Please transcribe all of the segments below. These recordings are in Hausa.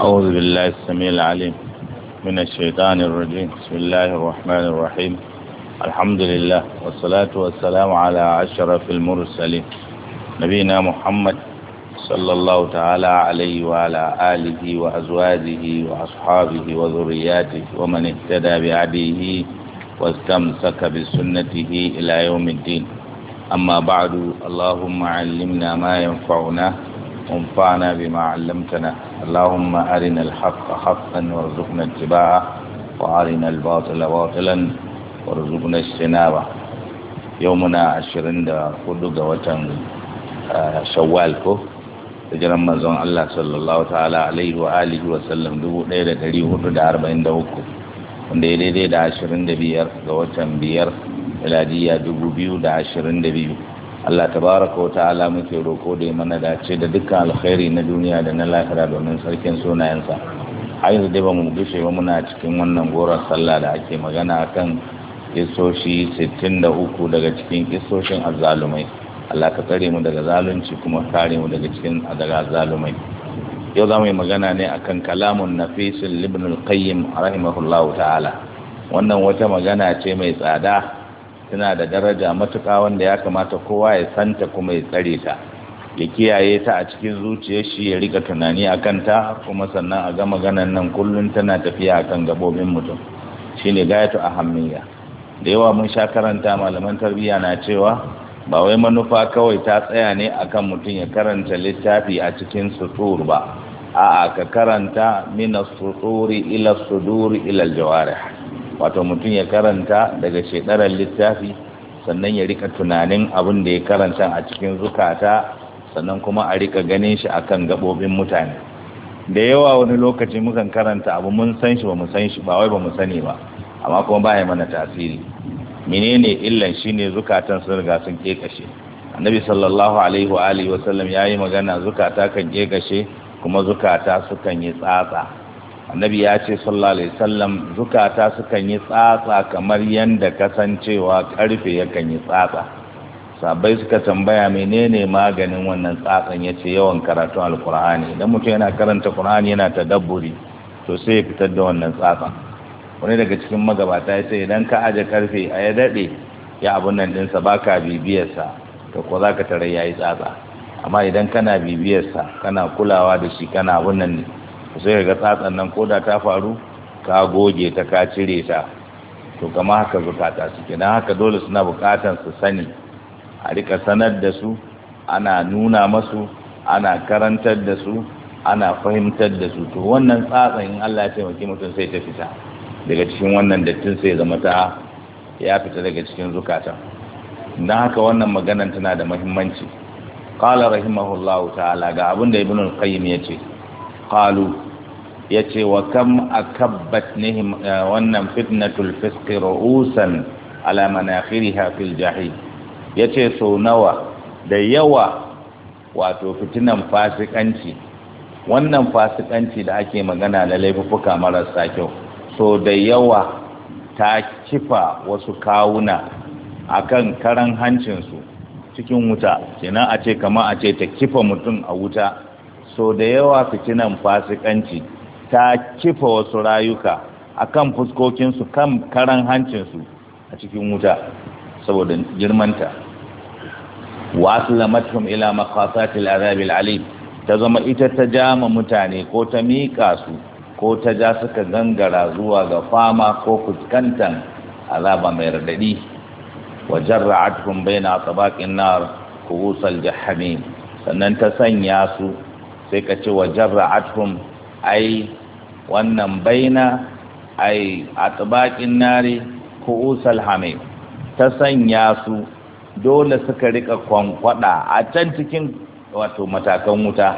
أعوذ بالله السميع العليم من الشيطان الرجيم بسم الله الرحمن الرحيم الحمد لله والصلاة والسلام على أشرف المرسلين نبينا محمد صلى الله تعالى عليه وعلى آله وأزواجه وأصحابه وذرياته ومن اهتدى بهديه واستمسك بسنته إلى يوم الدين أما بعد اللهم علمنا ما ينفعنا وانفعنا بما علمتنا اللهم أرنا الحق حقا وارزقنا اتباعه وأرنا الباطل باطلا وارزقنا اجتنابه يومنا عشرين دا خدوك وطن شوالكو hijiran manzon Allah sallallahu ta'ala alaihi wa alihi wa sallam 1443 wanda ya daidai da 25 ga watan 5 miladiya 2022 Allah tabaraka wata'ala muke roko da mana dace da dukkan alkhairi na duniya da na lahira domin sarkin sunayensa har yanzu dai ba mu gushe ba muna cikin wannan goron sallah da ake magana kan kisoshi 63 daga cikin kisoshin azzalumai Allah ka tsare mu daga zalunci kuma kare mu daga cikin daga azzalumai yau za mu yi magana ne akan kalamun nafisin ibn al-qayyim rahimahullahu ta'ala wannan wata magana ce mai tsada suna da daraja matuƙa wanda ya kamata kowa ya santa kuma ya tsare ta ya kiyaye ta a cikin zuciyar shi ya rika tunani a kanta kuma sannan a gama ganan nan kullum tana tafiya a kan gabobin mutum Shi ne shine a ahammiya da yawa mun sha karanta malaman tarbiyya na cewa ba wai manufa kawai ta tsaya ne akan mutum ya karanta littafi a cikin sutur ba a'a ka karanta min as-suturi ila as-suduri ila al-jawarih wato mutum ya karanta daga shekarar littafi sannan ya rika tunanin abin da ya karanta a cikin zukata sannan kuma a rika ganin shi akan gabobin mutane da yawa wani lokaci mukan karanta abu mun san shi ba mu san shi ba wai ba mu sani ba amma kuma ba ya mana tasiri menene illan shine zukatan sun riga sun kekashe annabi sallallahu alaihi wa alihi wa yayi magana zukata kan kekashe kuma zukata sukan yi tsatsa annabi ya ce sallallahu alaihi wasallam zukata sukan yi tsatsa kamar yanda kasancewa karfe yakan yi tsatsa sabai suka tambaya menene maganin wannan tsatsan yace yawan karatun Alkur'ani? idan mutum yana karanta qur'ani yana tadabburi to sai ya fitar da wannan tsatsan wani daga cikin magabata ya ce idan ka aje karfe a ya dade ya abun nan dinsa baka bibiyarsa to ko zaka tare yi tsatsa amma idan kana bibiyarsa kana kulawa da shi kana abun nan sai ga tsatsan nan koda ta faru ka goge ta ka cire ta to kama haka zukata suke Na haka dole suna bukatan su sani a rika sanar da su ana nuna masu ana karantar da su ana fahimtar da su to wannan tsatsan in Allah ya taimake mutum sai ta fita daga cikin wannan dattin sai zama ta ya fita daga cikin zukata don haka wannan maganan tana da muhimmanci qala rahimahullahu ta'ala ga abin da ibnul qayyim ce. qalu yace wa kam akabbat nihim eh, wannan fitnatul fisq ru'usan ala manakhiriha fil jahim yace so nawa da yawa wato fitinan fasikanci wannan fasikanci da ake magana na laifuka marasa kyau so da yawa ta kifa wasu kawuna akan karan hancinsu cikin wuta kenan a ce kama a ce ta kifa mutum a wuta so da yawa fitinan fasikanci ta kifa wasu rayuka a kan fuskokinsu kan karan hancinsu a cikin wuta saboda girmanta wasu lamatum ila makasatil azabil Ali? ta zama ita ta jama mutane ko ta miƙa su ko ta ja suka gangara zuwa ga fama ko fuskantan azaba mai radadi wa jarra'atuhum baina tabaqin nar kuusal jahannam sannan ta sanya su sai ka ce wa jarra atum ai wannan baina ai a tsibakin nari Usal hamim ta sanya su dole suka rika kwankwada a can cikin wato matakan wuta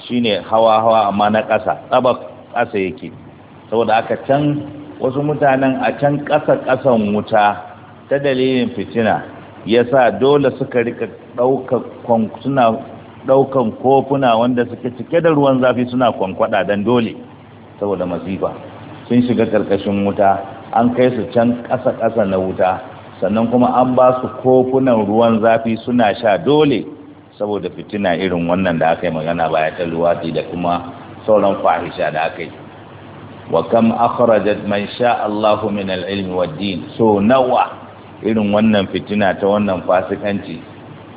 shi shine hawa hawa amma na ƙasa tsaba ƙasa yake saboda aka can wasu mutanen a can ƙasa ƙasan wuta ta dalilin fitina ya sa dole suka rika ɗaukar suna ɗaukan kofuna wanda suke cike da ruwan zafi suna kwankwada don dole saboda masifa sun shiga karkashin wuta an kai su can ƙasa-ƙasa na wuta sannan kuma an ba su kofunan ruwan zafi suna sha dole saboda fitina irin wannan da aka yi magana baya ta luwati da kuma sauran fahisha da aka yi wa kam akhrajat man sha Allahu min al-ilmi wad-din so nawa irin wannan fitina ta wannan fasikanci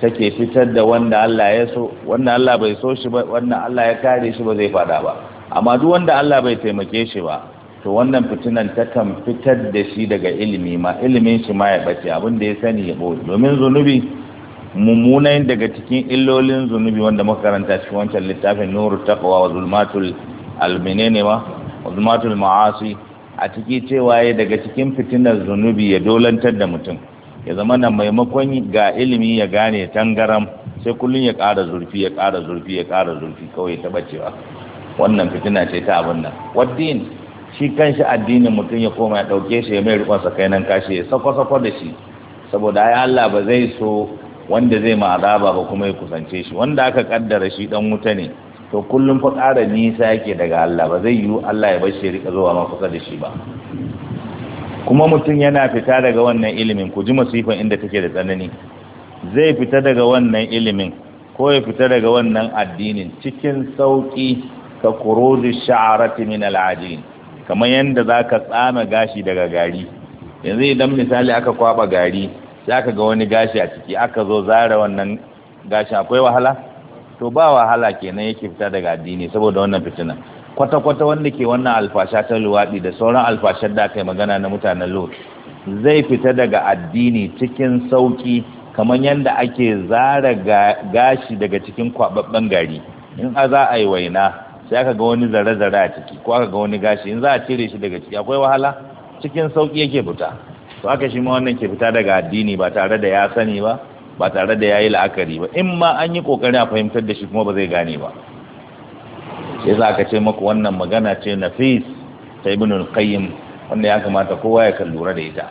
take fitar da wanda Allah ya so wanda Allah bai so shi ba wanda Allah ya kare shi ba zai fada ba amma duk wanda Allah bai taimake shi ba to wannan fitinan takan fitar da shi daga ilimi ma ilimin shi ma ya bace abin da ya sani ya boye domin zunubi mummunai daga cikin illolin zunubi wanda muka karanta cikin wancan littafin nuru taqwa wa zulmatul almenene ma wa zulmatul ma'asi a ciki cewa ya daga cikin fitinar zunubi ya dolantar da mutum ya zama na maimakon ga ilimi ya gane tangaram sai kullum ya kara zurfi ya kara zurfi ya kara zurfi kawai ta bacewa wannan fitina ce ta abin nan waddin shi kanshi addinin mutum ya koma ya ɗauke shi ya mai rikon sa kai nan kashi ya sako-sako da shi saboda ai Allah ba zai so wanda zai ma azaba ba kuma ya kusance shi wanda aka kaddara shi dan wuta ne to kullum fa ƙara nisa yake daga Allah ba zai yiwu Allah ya bar shi rika zuwa ma kusa da shi ba kuma mutum yana fita daga wannan ilimin ku ji masifan inda take da tsanani zai fita daga wannan ilimin ko ya fita daga wannan addinin cikin sauƙi ka kurozi sha'arati min al'ajin kamar yadda za ka tsama gashi daga gari yanzu idan misali aka kwaba gari sai aka ga wani gashi a ciki aka zo zara wannan gashi akwai wahala to ba wahala kenan yake fita daga addini saboda wannan fitina kwata-kwata wanda ke wannan alfasha ta luwaɗi da sauran alfashar da aka yi magana na mutanen lot zai fita daga addini cikin sauƙi kamar yadda ake zara gashi daga cikin kwababben gari in a za a yi waina sai aka ga wani zare-zare a ciki ko aka ga wani gashi in za a cire shi daga ciki akwai wahala cikin sauƙi yake fita to aka shi ma wannan ke fita daga addini ba tare da ya sani ba ba tare da ya yi la'akari ba in ma an yi ƙoƙarin a fahimtar da shi kuma ba zai gane ba yasa ka ce maku wannan magana ce na nafis ta ibn al wanda ya kamata kowa ya kan lura da ita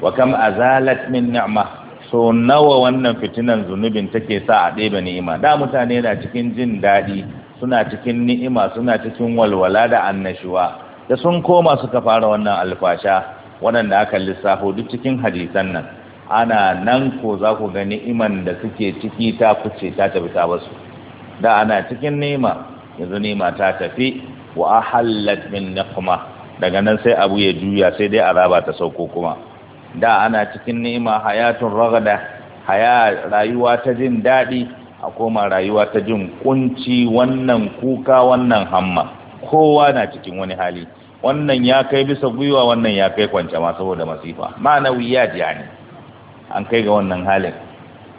wa kam azalat min ni'ma so nawa wannan fitinan zunubin take sa a ɗebe ni'ima da mutane na cikin jin daɗi suna cikin ni'ima suna cikin walwala da annashuwa da sun koma suka fara wannan alfasha waɗanda aka lissafo duk cikin hadisan nan ana nan ko za ku ga ni'iman da suke ciki ta kuce ta tafi ta basu da ana cikin ni'ima yanzu nima ta tafi wa ahallat min niqma daga nan sai abu ya juya sai dai azaba ta sauko kuma da ana cikin ni'ima hayatun ragada haya rayuwa ta jin daɗi a koma rayuwa ta jin kunci wannan kuka wannan hamma kowa na cikin wani hali wannan ya kai bisa gwiwa wannan ya kai kwance ma saboda masifa ma'anawiyat yani an kai ga wannan halin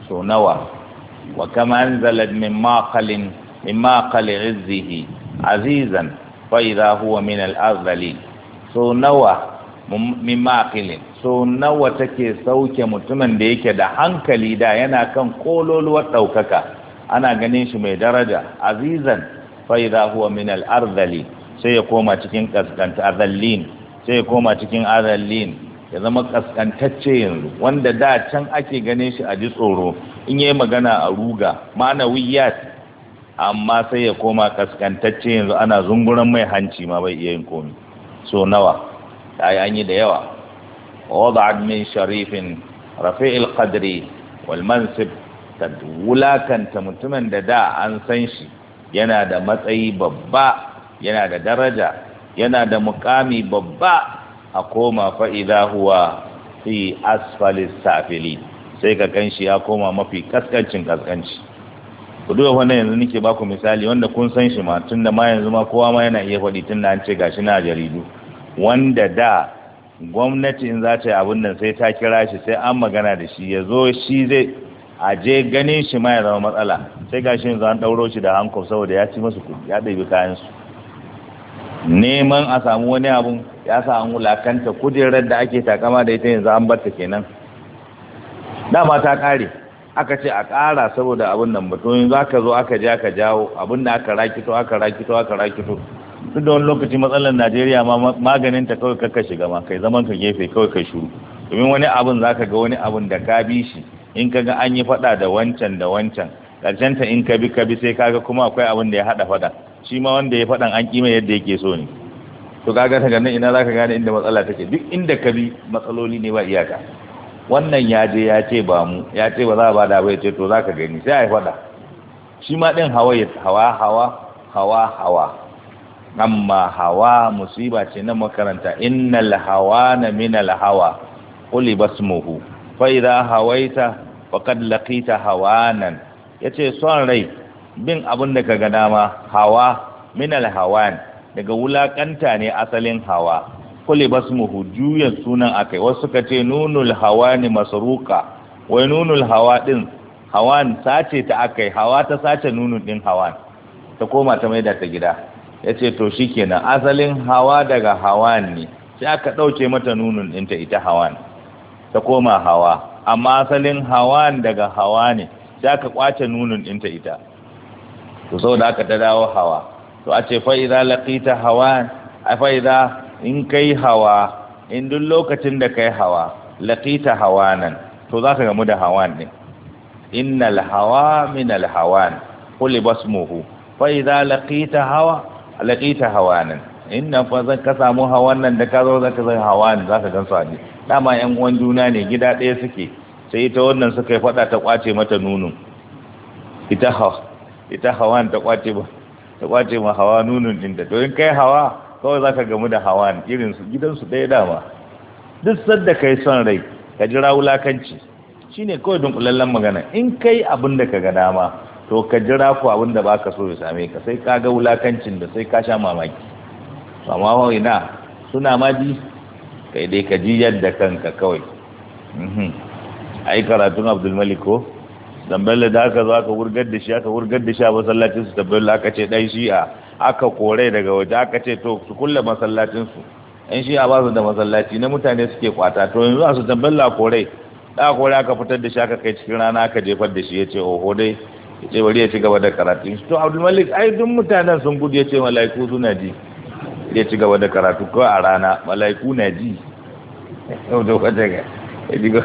so nawa wa kama anzalat min maqalin mimma qali izzihi azizan fa huwa min al-azali so nawa mimma qali so nawa take sauke mutumin da yake da hankali da yana kan kololuwar ɗaukaka? ana ganin shi mai daraja azizan fa idha huwa min al-azali sai ya koma cikin kaskanta sai ya koma cikin ya zama ƙasƙantacce yanzu wanda da can ake ganin shi a ji tsoro in yayi magana a ruga ma'anawiyat amma sai ya koma kaskantacce yanzu ana zunguran mai hanci ma bai iya yin komi so nawa yi an yi da yawa wada'at min sharifin rafi'il qadri wal mansib wulakanta mutumin da da an san shi yana da matsayi babba yana da daraja yana da mukami babba a koma fa'iza huwa fi asfalis safili sai ka kanshi ya koma mafi kaskancin kaskanci ku duba wanda yanzu nake baku misali wanda kun san shi ma tun da ma yanzu ma kowa ma yana iya faɗi tun da an ce gashi na jaridu wanda da gwamnati in za ta yi abun nan sai ta kira shi sai an magana da shi ya zo shi zai aje ganin shi ma ya zama matsala sai gashi yanzu an ɗauro shi da hanko saboda ya ci masu kuɗi ya ɗabi kayan su neman a samu wani abu ya sa an wulakanta kujerar da ake takama da ita yanzu an bar ta kenan dama ta kare. aka ce a ƙara saboda abin nan mutum za ka zo aka je aka jawo abin da aka rakito aka rakito aka rakito duk da wani lokaci matsalar najeriya ma maganin ta kawai kaka shiga ma kai zaman ka gefe kawai ka shuru domin wani abin za ka ga wani abin da ka bi shi in ka ga an yi faɗa da wancan da wancan ƙarshen ta in ka bi ka bi sai ka ga kuma akwai abin da ya haɗa faɗa shi ma wanda ya faɗan an ƙima yadda yake so ne to kaga ta ganin ina za ka gane inda matsala take duk inda ka bi matsaloli ne ba iyaka wannan ya je ya ce ba mu ya ce ba za a ba da bai ce to za ka gani sai a yi faɗa shi ma ɗin hawa ya hawa hawa hawa hawa amma hawa musiba ce na makaranta innal hawa na minal hawa kuli basmuhu fa idza hawaita hawa nan. Ya ce son rai bin abin da ka ga dama hawa minal hawa daga wulaƙanta ne asalin hawa kule basmuhu juyan sunan akai wasu suka ce nunul hawani masruqa wai nunul hawa din hawan sace ta akai hawa ta sace nunun din hawan ta koma ta maida ta gida yace to shikenan asalin hawa daga hawan ne sai aka dauke mata nunun din ta ita hawan ta koma hawa amma asalin hawan daga hawa ne sai aka kwace nunun din ta ita to saboda aka ta dawo hawa to a ce fa idza laqita hawan fa idza in kai hawa in duk lokacin da kai hawa laqita hawanan to zaka gamu da hawan ne innal hawa min al hawan quli basmuhu fa idza laqita hawa laqita hawanan inna fa zan ka samu hawan nan da ka zo zaka zai hawan zaka gansu a ne dama yan uwan juna ne gida ɗaya suke sai ita wannan suka yi fada ta kwace mata nunun ita hawa ita hawan ta kwace ba ta kwace ma hawa nunun din da to in kai hawa kawai za ka gamu da hawan irinsu gidansu ɗaya dama duk sadda ka yi son rai ka jira wulakanci shi ne kawai dunkulallen magana in kai abin da ka ga dama to ka jira ku abin da ba ka so ya same ka sai ka ga wulakancin da sai ka sha mamaki amma ina suna ma ji kai dai ka ji yadda kanka kawai mhm. ai karatun abdulmalik ko damballa da aka zo aka wurgar da shi aka wurgar da shi a masallacin su tabbala aka ce dai a. aka kore daga waje aka ce to su kulle masallacinsu in shi a ba su da masallaci na mutane suke kwata to yanzu a su tamballa kore da kore aka fitar da shi aka kai cikin rana aka jefar da shi ya ce oho dai ya ce bari ya ci gaba da karatu to abdulmalik ai duk mutanen sun gudu ya ce mala'iku suna ji ya ci gaba da karatu ko a rana mala'iku na ji yau da kwata ga ya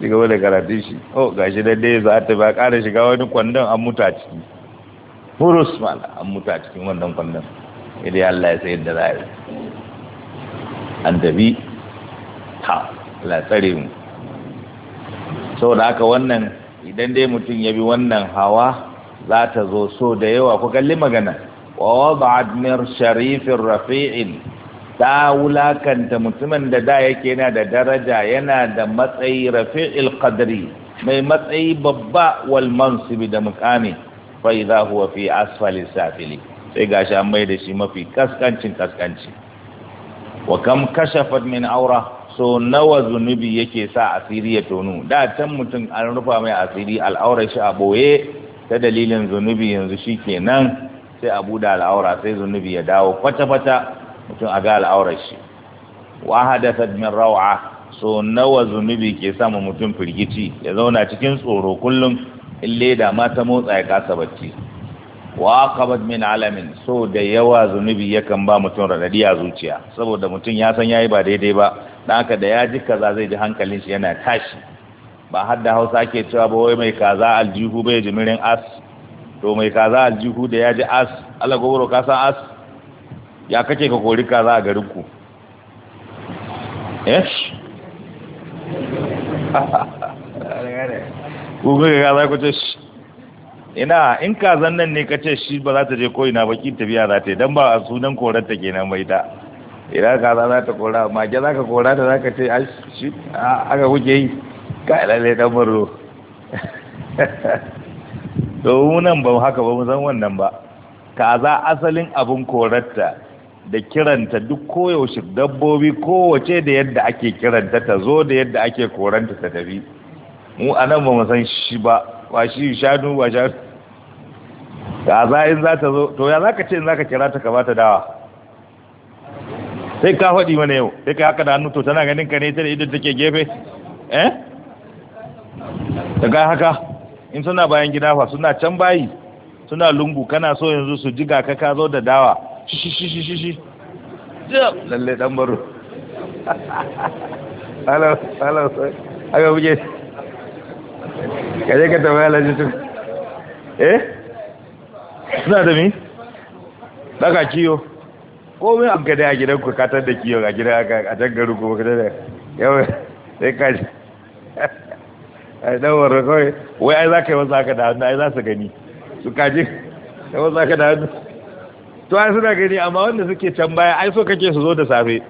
ci gaba da karatun shi oh gashi da dai za ta ba ƙara shiga wani kwandon an mutu a ciki furus mana an mutu a cikin wannan kwallon idan Allah ya sayar da yi. an tafi ta latsare mu saboda haka wannan idan dai mutum ya bi wannan hawa za ta zo so da yawa ku kalli magana wa wada'at mir sharifin rafi'in ta wulakanta mutumin da da yake yana da daraja yana da matsayi rafi'il kadri, mai matsayi babba wal bi da mukami fa idza huwa fi asfali safili sai gasha an mai da shi mafi kaskancin kaskanci wa kam kashafat min aura so nawa zunubi yake sa asiri ya tonu da can mutum an rufa mai asiri al'aurar shi a boye ta dalilin zunubi yanzu shi kenan sai a buɗe al'aura sai zunubi ya dawo kwata-kwata mutum a ga al'aurar shi wa hadathat min raw'a so nawa zunubi ke sama mutum firgici ya zauna cikin tsoro kullum in leda mata ta motsa ya kasa bacci wa qabad min alamin so da yawa zunubi yakan ba mutum radadi a zuciya saboda mutum ya san yayi ba daidai ba dan haka da ya ji kaza zai ji hankalin shi yana tashi ba har da Hausa ke cewa ba wai mai kaza aljihu bai jimirin as to mai kaza aljihu da ya ji as Allah goboro ka san as ya kake ka kori kaza a garin ku eh kuka ga za ku ce shi ina in kazan nan ne ka ce shi ba za ta je koyi na baki tafiya za ta yi don ba a sunan korar ta kenan mai ta ina kaza za ta kora mage za ka kora ta za ka ce shi aka kuke yi ka lalle dan murro to nan ba haka ba mu san wannan ba kaza asalin abun korarta da kiranta duk koyaushe dabbobi kowace da yadda ake kiranta ta zo da yadda ake koranta ta tafi mu a nan ba mu san shi ba ba shi shanu ba shanu ta za in za ta zo to ya za ka ce in za ka kira ta kamata dawa sai ka faɗi mana yau sai ka haka da hannu to tana ganin ka ne ta da idan take gefe eh daga haka in suna bayan gida fa suna can bayi suna lungu kana so yanzu su jiga ka ka zo da dawa shi shi shi shi shi lalle dan baro hello hello aga buje ka je ka tambaya alhaji su eh suna da mi daga kiyo ko mai an gada a gidan ku katar da kiyo a gida a can garu ko kada da yawon sai kaji a a ɗauwar kawai wai ai za ka yi wasu haka da hannu ai za su gani su kaji da wasu haka da hannu to ai suna gani amma wanda suke can baya ai so kake su zo da safe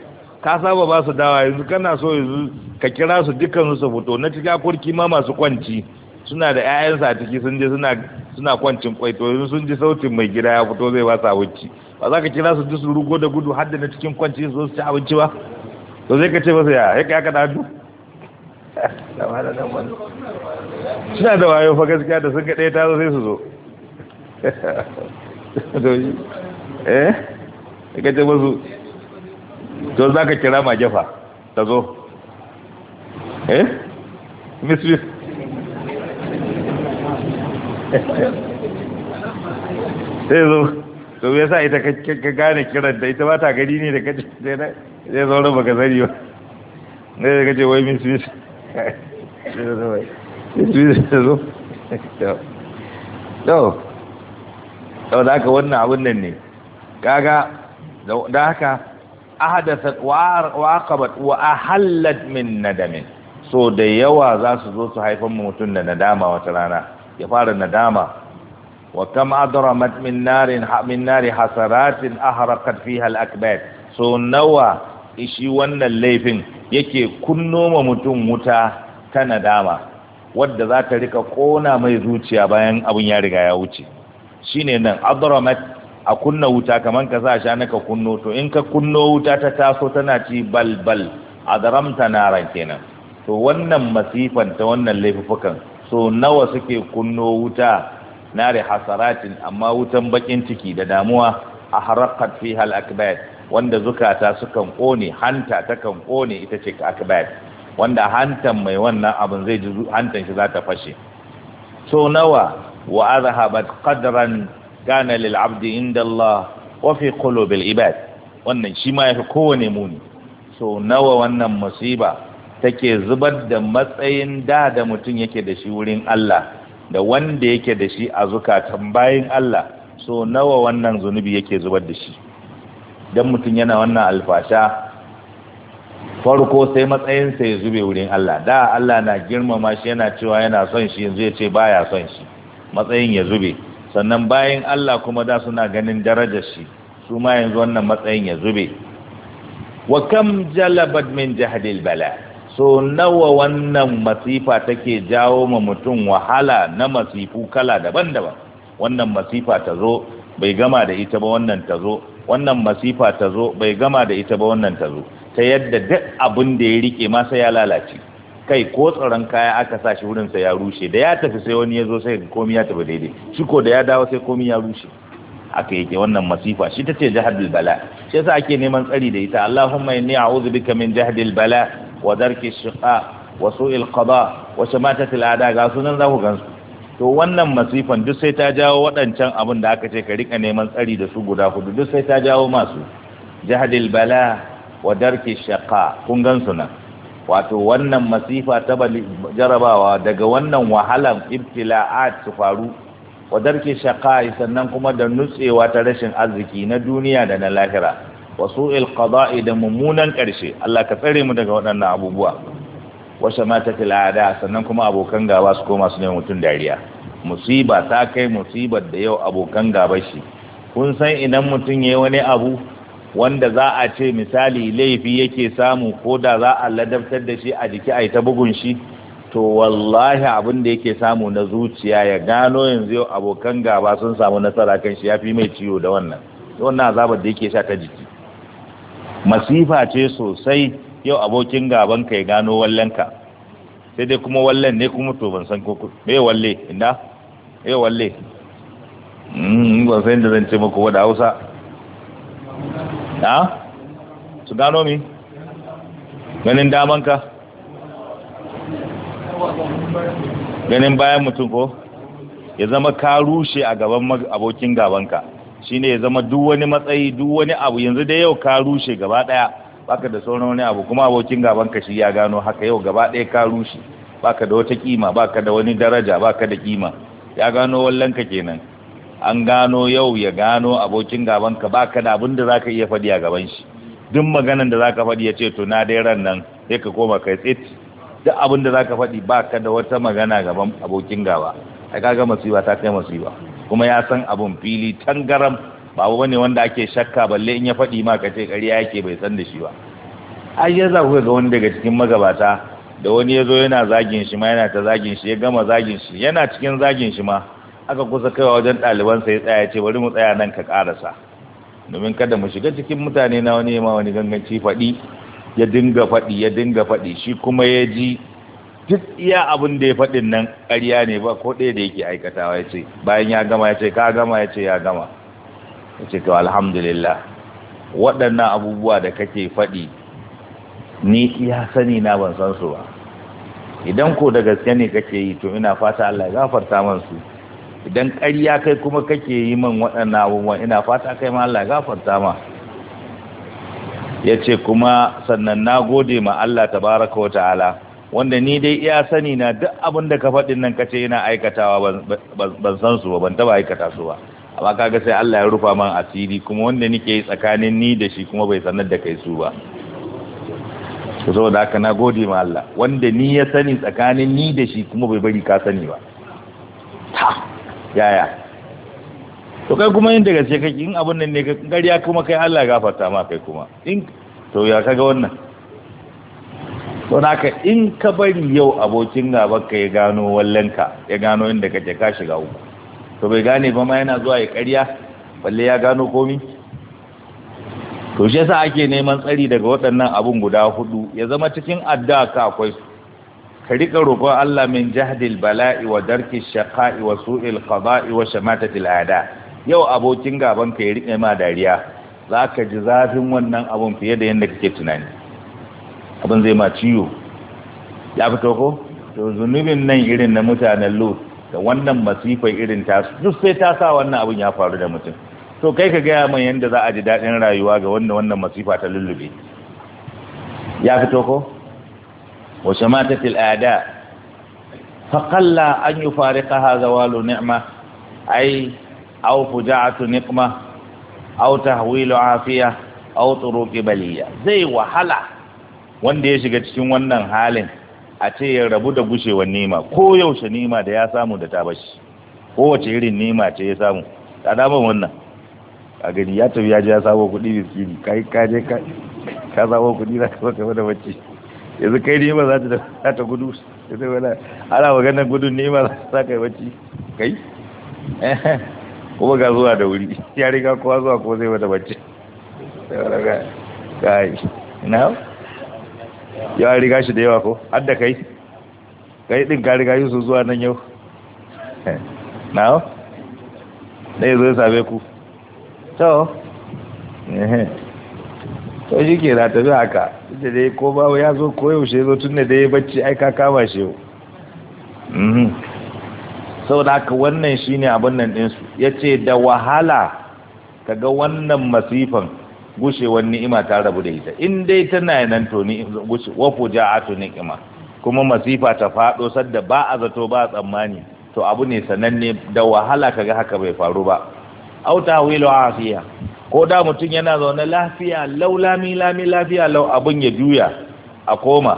ka saba ba su dawa yanzu kana so yanzu ka kira su dukkan su fito na cikin kurki ma masu kwanci suna da 'ya'yansa a ciki sun je suna suna kwancin kwai to yanzu sun ji sautin mai gida ya fito zai ba su abinci ba za ka kira su duk su rugo da gudu har da na cikin kwanci su su ci abinci ba to zai ka ce masa ya ya ka da du? suna da wayo fa gaskiya da sun ga ɗaya tazo sai su zo eh ka ce masu to za ka kira ma jafa ta zo eh mistress sai zo to ya sa ita ka gane kiran da ita ba ta gani ne da kace zai zauna baka zari ba ne da kace wai miss miss miss to da haka wannan abun nan ne gaga da haka ahadathat wa aqabat wa ahallat min nadamin so da yawa za su zo su haifan mutum da nadama wata rana ya fara nadama wa kam adramat min narin min nari hasaratin ahraqat fiha al-akbat so nawa ishi wannan laifin yake kunno ma mutum wuta ta nadama wadda za ta rika kona mai zuciya bayan abin ya riga ya wuce shine nan adramat a kunna wuta kamar ka sa sha ka kunno to in ka kunno wuta ta taso tana ci bal bal na ran kenan to wannan masifan ta wannan laifukan so nawa suke kunno wuta da hasaratin amma wutan bakin ciki da damuwa a harakat fi hal akbar wanda zukata sukan kone hanta ta kan kone ita ce akbar wanda hantan mai wannan abin zai ji hantan shi za ta fashe so nawa wa azhabat qadran kana lil abdi inda Allah wa fi qulubil ibad wannan shi ma yafi kowane muni so nawa wannan musiba take zubar da matsayin da da mutum yake da shi wurin Allah da wanda yake da shi a zukatan bayan Allah so nawa wannan zunubi yake zubar da shi Don mutum yana wannan alfasha farko sai matsayinsa ya zube wurin Allah da Allah na girmama shi yana cewa yana son shi yanzu ya ce baya son shi matsayin ya zube sannan bayan Allah kuma da suna ganin darajar shi su ma yanzu wannan matsayin ya zube wa kam jalabat min jahdil bala so nawa wannan masifa take jawo ma mutum wahala na masifu kala daban-daban wannan masifa ta zo bai gama da ita ba wannan ta zo wannan masifa ta zo bai gama da ita ba wannan ta zo ta yadda duk abin da ya rike ma sai ya lalace kai ko tsaron kaya aka sa shi wurinsa ya rushe da ya tafi sai wani ya zo sai komi ya tafi daidai shi ko da ya dawo sai komi ya rushe aka yake wannan masifa shi tace jahadul bala shi yasa ake neman tsari da ita Allahumma inni a'udhu bika min jahdil bala wa darki shiqa wa su'il qada wa shamatati al'ada ga sunan zaku gansu to wannan masifan duk sai ta jawo waɗancan abin da aka ce ka rika neman tsari da su guda hudu duk sai ta jawo masu jahdil bala wa darki shiqa kun gansu nan wato wannan masifa ta jarabawa daga wannan wahalan ibtila'at su faru wa darki shaqai sannan kuma da nutsewa ta rashin arziki na duniya da na lahira wa su'il qada'i da mummunan ƙarshe, Allah ka tsare mu daga waɗannan abubuwa wa mata ada sannan kuma abokan gaba su koma su ne mutun dariya musiba ta kai musibar da yau abokan gaba shi kun san idan mutum ya yi wani abu wanda za a ce misali laifi yake samu ko da za a ladabtar da shi a jiki a yi ta bugun shi to wallahi abin da yake samu na zuciya ya gano yanzu yau abokan gaba sun samu nasara kan shi ya fi mai ciwo da wannan wannan azabar da yake sha ta jiki masifa ce sosai yau abokin gaban ka ya gano ka, sai dai kuma wallan ne kuma to ban san koko me walle ina me walle hmm, ban san da zan ce muku da Hausa ha su gano mi ganin damanka ganin bayan mutum ko ya zama ka rushe a gaban abokin gabanka ne ya zama duk wani matsayi duk wani abu yanzu da yau ka rushe gaba daya baka da sauran wani abu kuma abokin gabanka shi ya gano haka yau gaba daya ka rushe baka da wata kima baka da wani daraja baka da kima ya gano wallanka kenan an gano yau ya gano abokin gaban ka baka da abin da zaka iya faɗi a gaban shi duk maganan da zaka faɗi ya ce to na dai ran nan sai ka koma kai tsit duk abin da zaka faɗi baka da wata magana gaban abokin gaba ai kaga masiba ta kai masiba kuma ya san abun fili tangaram ba wani wanda ake shakka balle in ya faɗi ma ka ce ƙarya yake bai san da shi ba ai ya za ga wani daga cikin magabata da wani ya zo yana zagin shi ma yana ta zagin shi ya gama zagin shi yana cikin zagin shi ma aka kusa kaiwa wajen ɗalibansa ya tsaya ce bari mu tsaya nan ka ƙarasa domin kada mu shiga cikin mutane na wani ma wani ganganci faɗi ya dinga faɗi ya dinga faɗi shi kuma ya ji duk iya abin da ya faɗin nan ƙarya ne ba ko ɗaya da yake aikatawa ya ce bayan ya gama ya ce ka gama ya ce ya gama ya ce to alhamdulillah waɗannan abubuwa da kake faɗi ni iya sani na ban san su ba idan ko da gaske ne kake yi to ina fata Allah ya gafarta man su idan ƙarya kai kuma kake yi man waɗannan abubuwan ina fata kai ma Allah ya gafarta ma ya ce kuma sannan na gode ma Allah tabaraka wa ta'ala wanda ni dai iya sani na duk abin da ka faɗin nan kace ina aikatawa ban san su ba ban taba aikata su ba amma kaga sai Allah ya rufa man asiri kuma wanda nike yi tsakanin ni da shi kuma bai sanar da kai su ba saboda haka na gode ma Allah wanda ni ya sani tsakanin ni da shi kuma bai bari ka sani ba yaya to kai kuma yin daga ce kai in abin nan ne ka ƙarya kuma kai Allah gafarta ma kai kuma in to ya kaga wannan to naka in ka bari yau abokin gabanka ya gano wallanka ya gano inda kake ka shiga uku to bai gane ba ma yana zuwa ya ƙarya balle ya gano komi to shi yasa ake neman tsari daga waɗannan abun guda hudu ya zama cikin addu'a ka akwai su ka rika roƙon Allah min jahdil bala'i wa darki shaqa'i wa su'il qada'i wa shamatatil ada yau abokin gaban ka ya rike ma dariya zaka ji zafin wannan abun fiye da yanda kake tunani abin zai ma ciyo ya fito ko to zunubin nan irin na mutanen Lu da wannan masifa irin ta, duk sai ta sa wannan abun ya faru da mutum to kai ka gaya min yadda za a ji daɗin rayuwa ga wannan wannan masifa ta lullube ya fito ko wa shamatatil ada fa qalla an yufariqaha zawalu ni'ma ay aw fuja'atu nima, aw tahwilu afiya aw turuqi baliya zai wahala wanda ya shiga cikin wannan halin a ce ya rabu da gushewar nima ko yaushe nima da ya samu da ta bashi wace irin nima ce ya samu ta dama wannan a gani ya tafi ya je ya samo kuɗi biskini kai ka je ka samo kuɗi na ka zo da bacci yanzu kai ne ba za ta ta gudu sai wani ana maganar gudun ne ba za ka yi wacce kai kuma ga zuwa da wuri ya riga kowa zuwa ko zai wata wacce sai wala ga kai na yau ya riga shi da yawa ko har da kai kai din ka riga yi su zuwa nan yau na yau na ne zai same ku to to shi ke na tafi haka da dai ko ba ya zo ko yaushe zo tun da dai bacci ai ka kama shi yau mhm. da haka wannan shine ne nan ɗinsu ya ce da wahala ka ga wannan masifan gushewar ni'ima ta rabu da ita in dai tana nan to gushe wafo ja'atu ni'ima kuma masifa ta faɗo sadda ba a zato ba a tsammani to abu ne sananne da wahala ka ga haka bai faru ba auta wilo afiya ko da mutum yana zaune lafiya lau lami lami lafiya lau abin ya juya a koma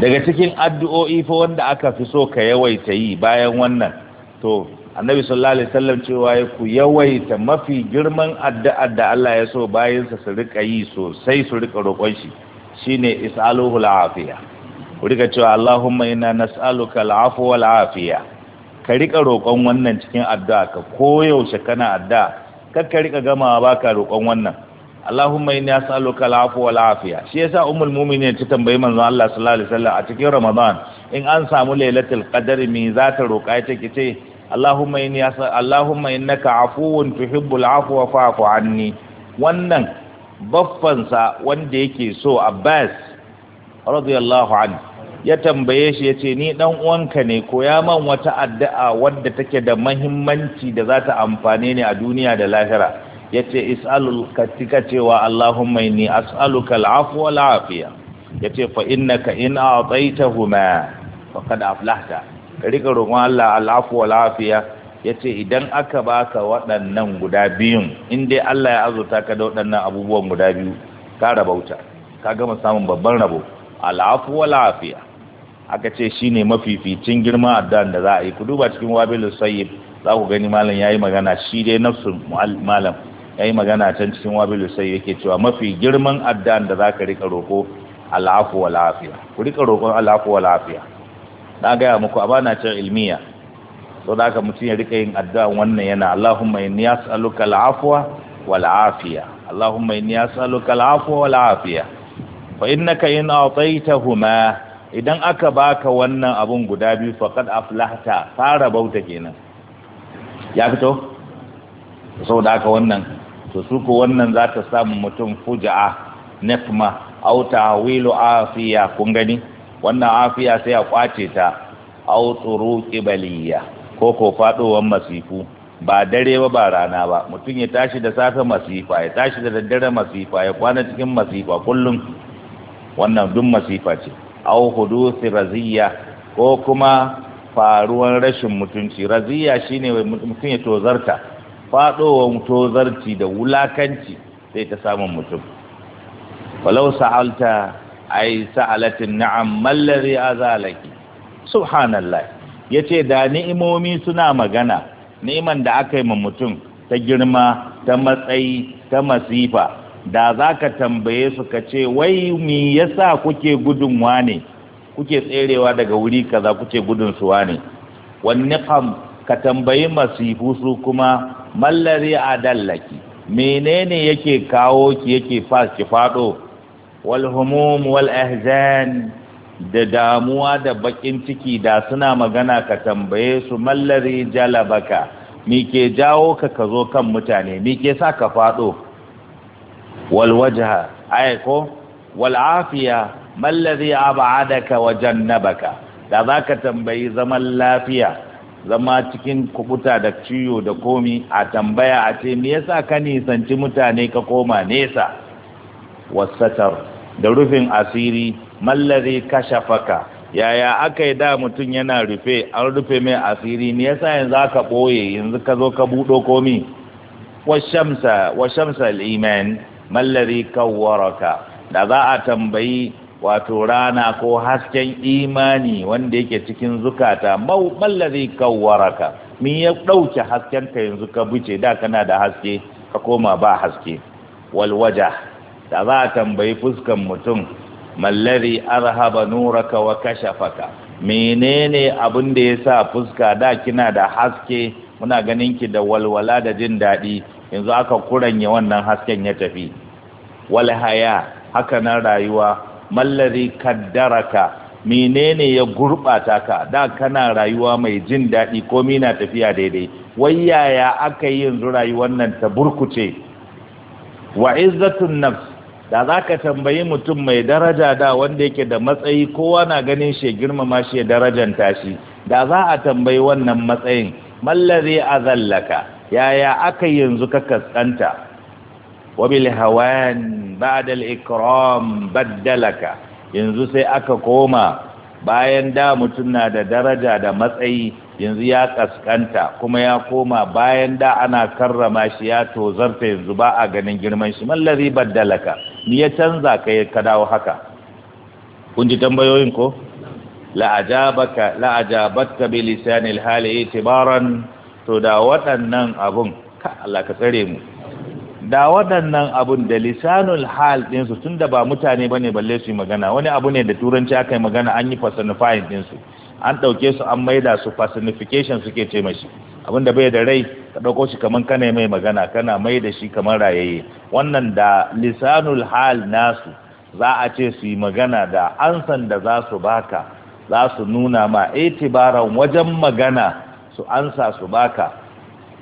daga cikin addu'o'i fa wanda aka fi so ka yawaita yi bayan wannan to annabi sallallahu alaihi wasallam cewa ya ku yawaita mafi girman addu'ar da Allah ya so bayansa su rika yi sosai su rika roƙon shi shine is'aluhu al'afiya ku rika cewa Allahumma inna nas'aluka al'afwa wal afiya ka rika roƙon wannan cikin addu'a ka koyaushe kana addu'a kar ka rika gamawa ka roƙon wannan Allahumma inni as'aluka al'afwa wal afiya shi yasa ummul mu'minin ta tambayi manzon Allah sallallahu alaihi wasallam a cikin Ramadan in an samu lailatul qadr me za ta roƙa ita kice Allahumma inni Allahumma innaka afuwun tuhibbul afwa fa'fu anni wannan baffansa wanda yake so Abbas radiyallahu anhu ya tambaye shi ya ce ni dan uwanka ne ko ya man wata addu'a wadda take da mahimmanci da za ta amfane ni a duniya da lahira ya ce is'alul katika cewa Allahumma inni as'aluka al'afu wal afiya ya ce fa innaka in a'taytahuma faqad aflahta rika roƙon Allah al'afu wal afiya ya ce idan aka baka waɗannan guda biyun in dai Allah ya azurta ka da waɗannan abubuwan guda biyu ka rabauta ka gama samun babban rabo al'afu wal afiya aka ce ne mafificin girma addan da za a yi ku duba cikin wabilu sayi za ku gani malam ya yi magana shi dai nafsu malam ya yi magana can cikin wabilu sayi yake cewa mafi girman addan da za ka rika roko al'afu wa lafiya ku rika roƙon al'afu wa afiya na gaya muku abana cin ilmiya so da aka mutum ya rika yin addu'a wannan yana Allahumma inni as'aluka al'afwa wal afiya Allahumma inni as'aluka al'afwa wal afiya fa innaka in ataytahuma idan aka baka wannan abun guda biyu faqad aflahta fara bauta kenan ya fito da aka wannan to su ko wannan za ta samu mutum fuja'a nafma aw wilo afiya kun gani wannan afiya sai a kwace ta aw turuqi baliya ko ko masifu ba dare ba ba rana ba mutum ya tashi da safe masifa ya tashi da daddare masifa ya kwana cikin masifa kullum wannan duk masifa ce au hudusi raziya ko kuma faruwan rashin mutunci raziya shine mutum ya tozarta faɗowar tozarci da wulakanci sai ta samu mutum walau sa'alta ai sa'alatin na'am mallari azalaki subhanallah yace da ni'imomi suna magana ni'iman da aka yi ma mutum ta girma ta matsayi ta masifa da za ka tambaye su ka ce wai ya yasa kuke gudun wane kuke tserewa daga wuri kaza kuke gudun su wane wani kam ka tambayi masifu su kuma mallari a dallaki menene yake kawo ki yake fas ki fado wal humum wal ahzan da damuwa da bakin ciki da suna magana ka tambaye su mallari jalabaka mike jawo ka ka zo kan mutane mike sa ka fado والوجه ايكو والعافيه ما الذي ابعدك وجنبك ladhi da zaka tambayi zaman lafiya zama cikin kubuta da ciwo da komi a tambaya a ce me yasa ka nisanci mutane ka koma nesa wasatar da rufin asiri mallazi kashafaka yaya aka yi da mutum yana rufe an rufe mai asiri me yasa yanzu aka ɓoye yanzu ka zo ka buɗo komi washamsa washamsa iman mallari kawwaraka da za a tambayi wato rana ko hasken imani wanda yake cikin zukata mallari kawwaraka min ya ɗauke hasken ka yanzu ka buce da kana da haske ka koma ba haske walwaja da za a tambayi fuskan mutum mallari arhaba nuraka wa kashafaka menene abin da ya sa fuska da kina da haske muna ganin ki da walwala da jin daɗi yanzu aka kuranya wannan hasken ya tafi wal haya haka na rayuwa mallari kaddaraka menene ya gurbata ka da kana rayuwa mai jin daɗi ko na tafiya daidai wai yaya aka yi yanzu rayuwar nan ta burkuce wa izzatun nafs da za ka tambayi mutum mai daraja da wanda yake da matsayi kowa na ganin shi girmama shi ya darajanta shi da za a tambayi wannan matsayin mallari azallaka yaya aka yanzu ka kaskanta wabil hawan ba'da al-ikram baddalaka yanzu sai aka koma bayan da mutum na da daraja da matsayi yanzu ya kaskanta kuma ya koma bayan da ana karrama shi ya tozarta yanzu ba a ganin girman shi mallari baddalaka ni ya canza ka ya ka dawo haka kun ji tambayoyin ko ajabatka bi lisanil hali itibaran to da waɗannan abun Allah ka tsare mu da waɗannan abun da lisanul hal ɗinsu tun da ba mutane ba ne balle su yi magana wani abu ne da turanci aka yi magana an yi personifying ɗinsu an ɗauke su an maida su personification suke ce mashi abin da bai da rai ka ɗauko shi kamar kana mai magana kana mai da shi kamar rayayye wannan da lisanul hal nasu za a ce su yi magana da ansan da za su baka za su nuna ma itibaran wajen magana su ansa su baka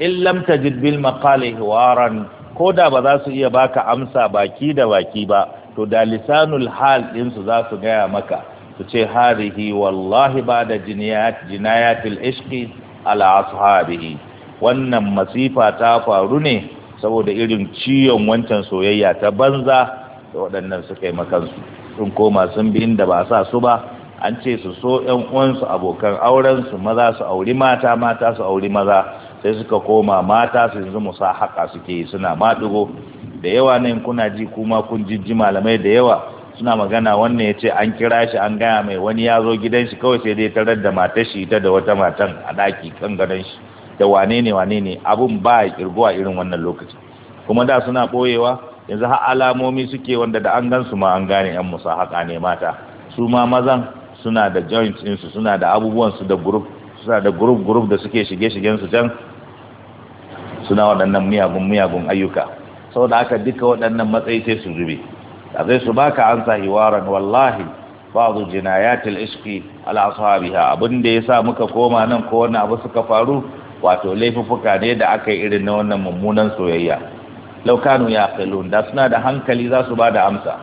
in lam tajid bil maqali hiwaran ko da ba za su iya baka amsa baki da baki ba to da lisanul hal din su za su gaya maka su ce harihi wallahi ba da jinayat jinayatil ishqi ala ashabihi wannan masifa ta faru ne saboda irin ciyon wancan soyayya ta banza da waɗannan suka yi makansu sun koma sun bi inda ba sa su ba an ce su so yan uwansu abokan aurensu maza su auri mata mata su auri maza sai suka koma mata su yanzu musahaka suke suna maɗigo da yawa ne kuna ji kuma kun jijji malamai da yawa suna magana wannan ya ce an kira shi an gaya mai wani ya zo gidan shi kawai sai dai tarar da mata shi ita da wata matan a ɗaki kan gadon shi da wane ne wane ne abun ba ya kirgo a irin wannan lokaci kuma da suna ɓoyewa yanzu har alamomi suke wanda da an gansu ma an gane yan musahaka ne mata suma ma mazan suna da joint ɗinsu suna da abubuwansu da group suna da group group da suke shige-shigensu can suna waɗannan miyagun miyagun ayyuka saboda haka duka waɗannan matsayi sai su zube a zai su baka an sa hiwaran wallahi ba'du jinayatul iski ala ashabiha abin da sa muka koma nan ko wani abu suka faru wato laifuffuka ne da aka yi irin na wannan mummunan soyayya law kanu kalun da suna da hankali za su ba da amsa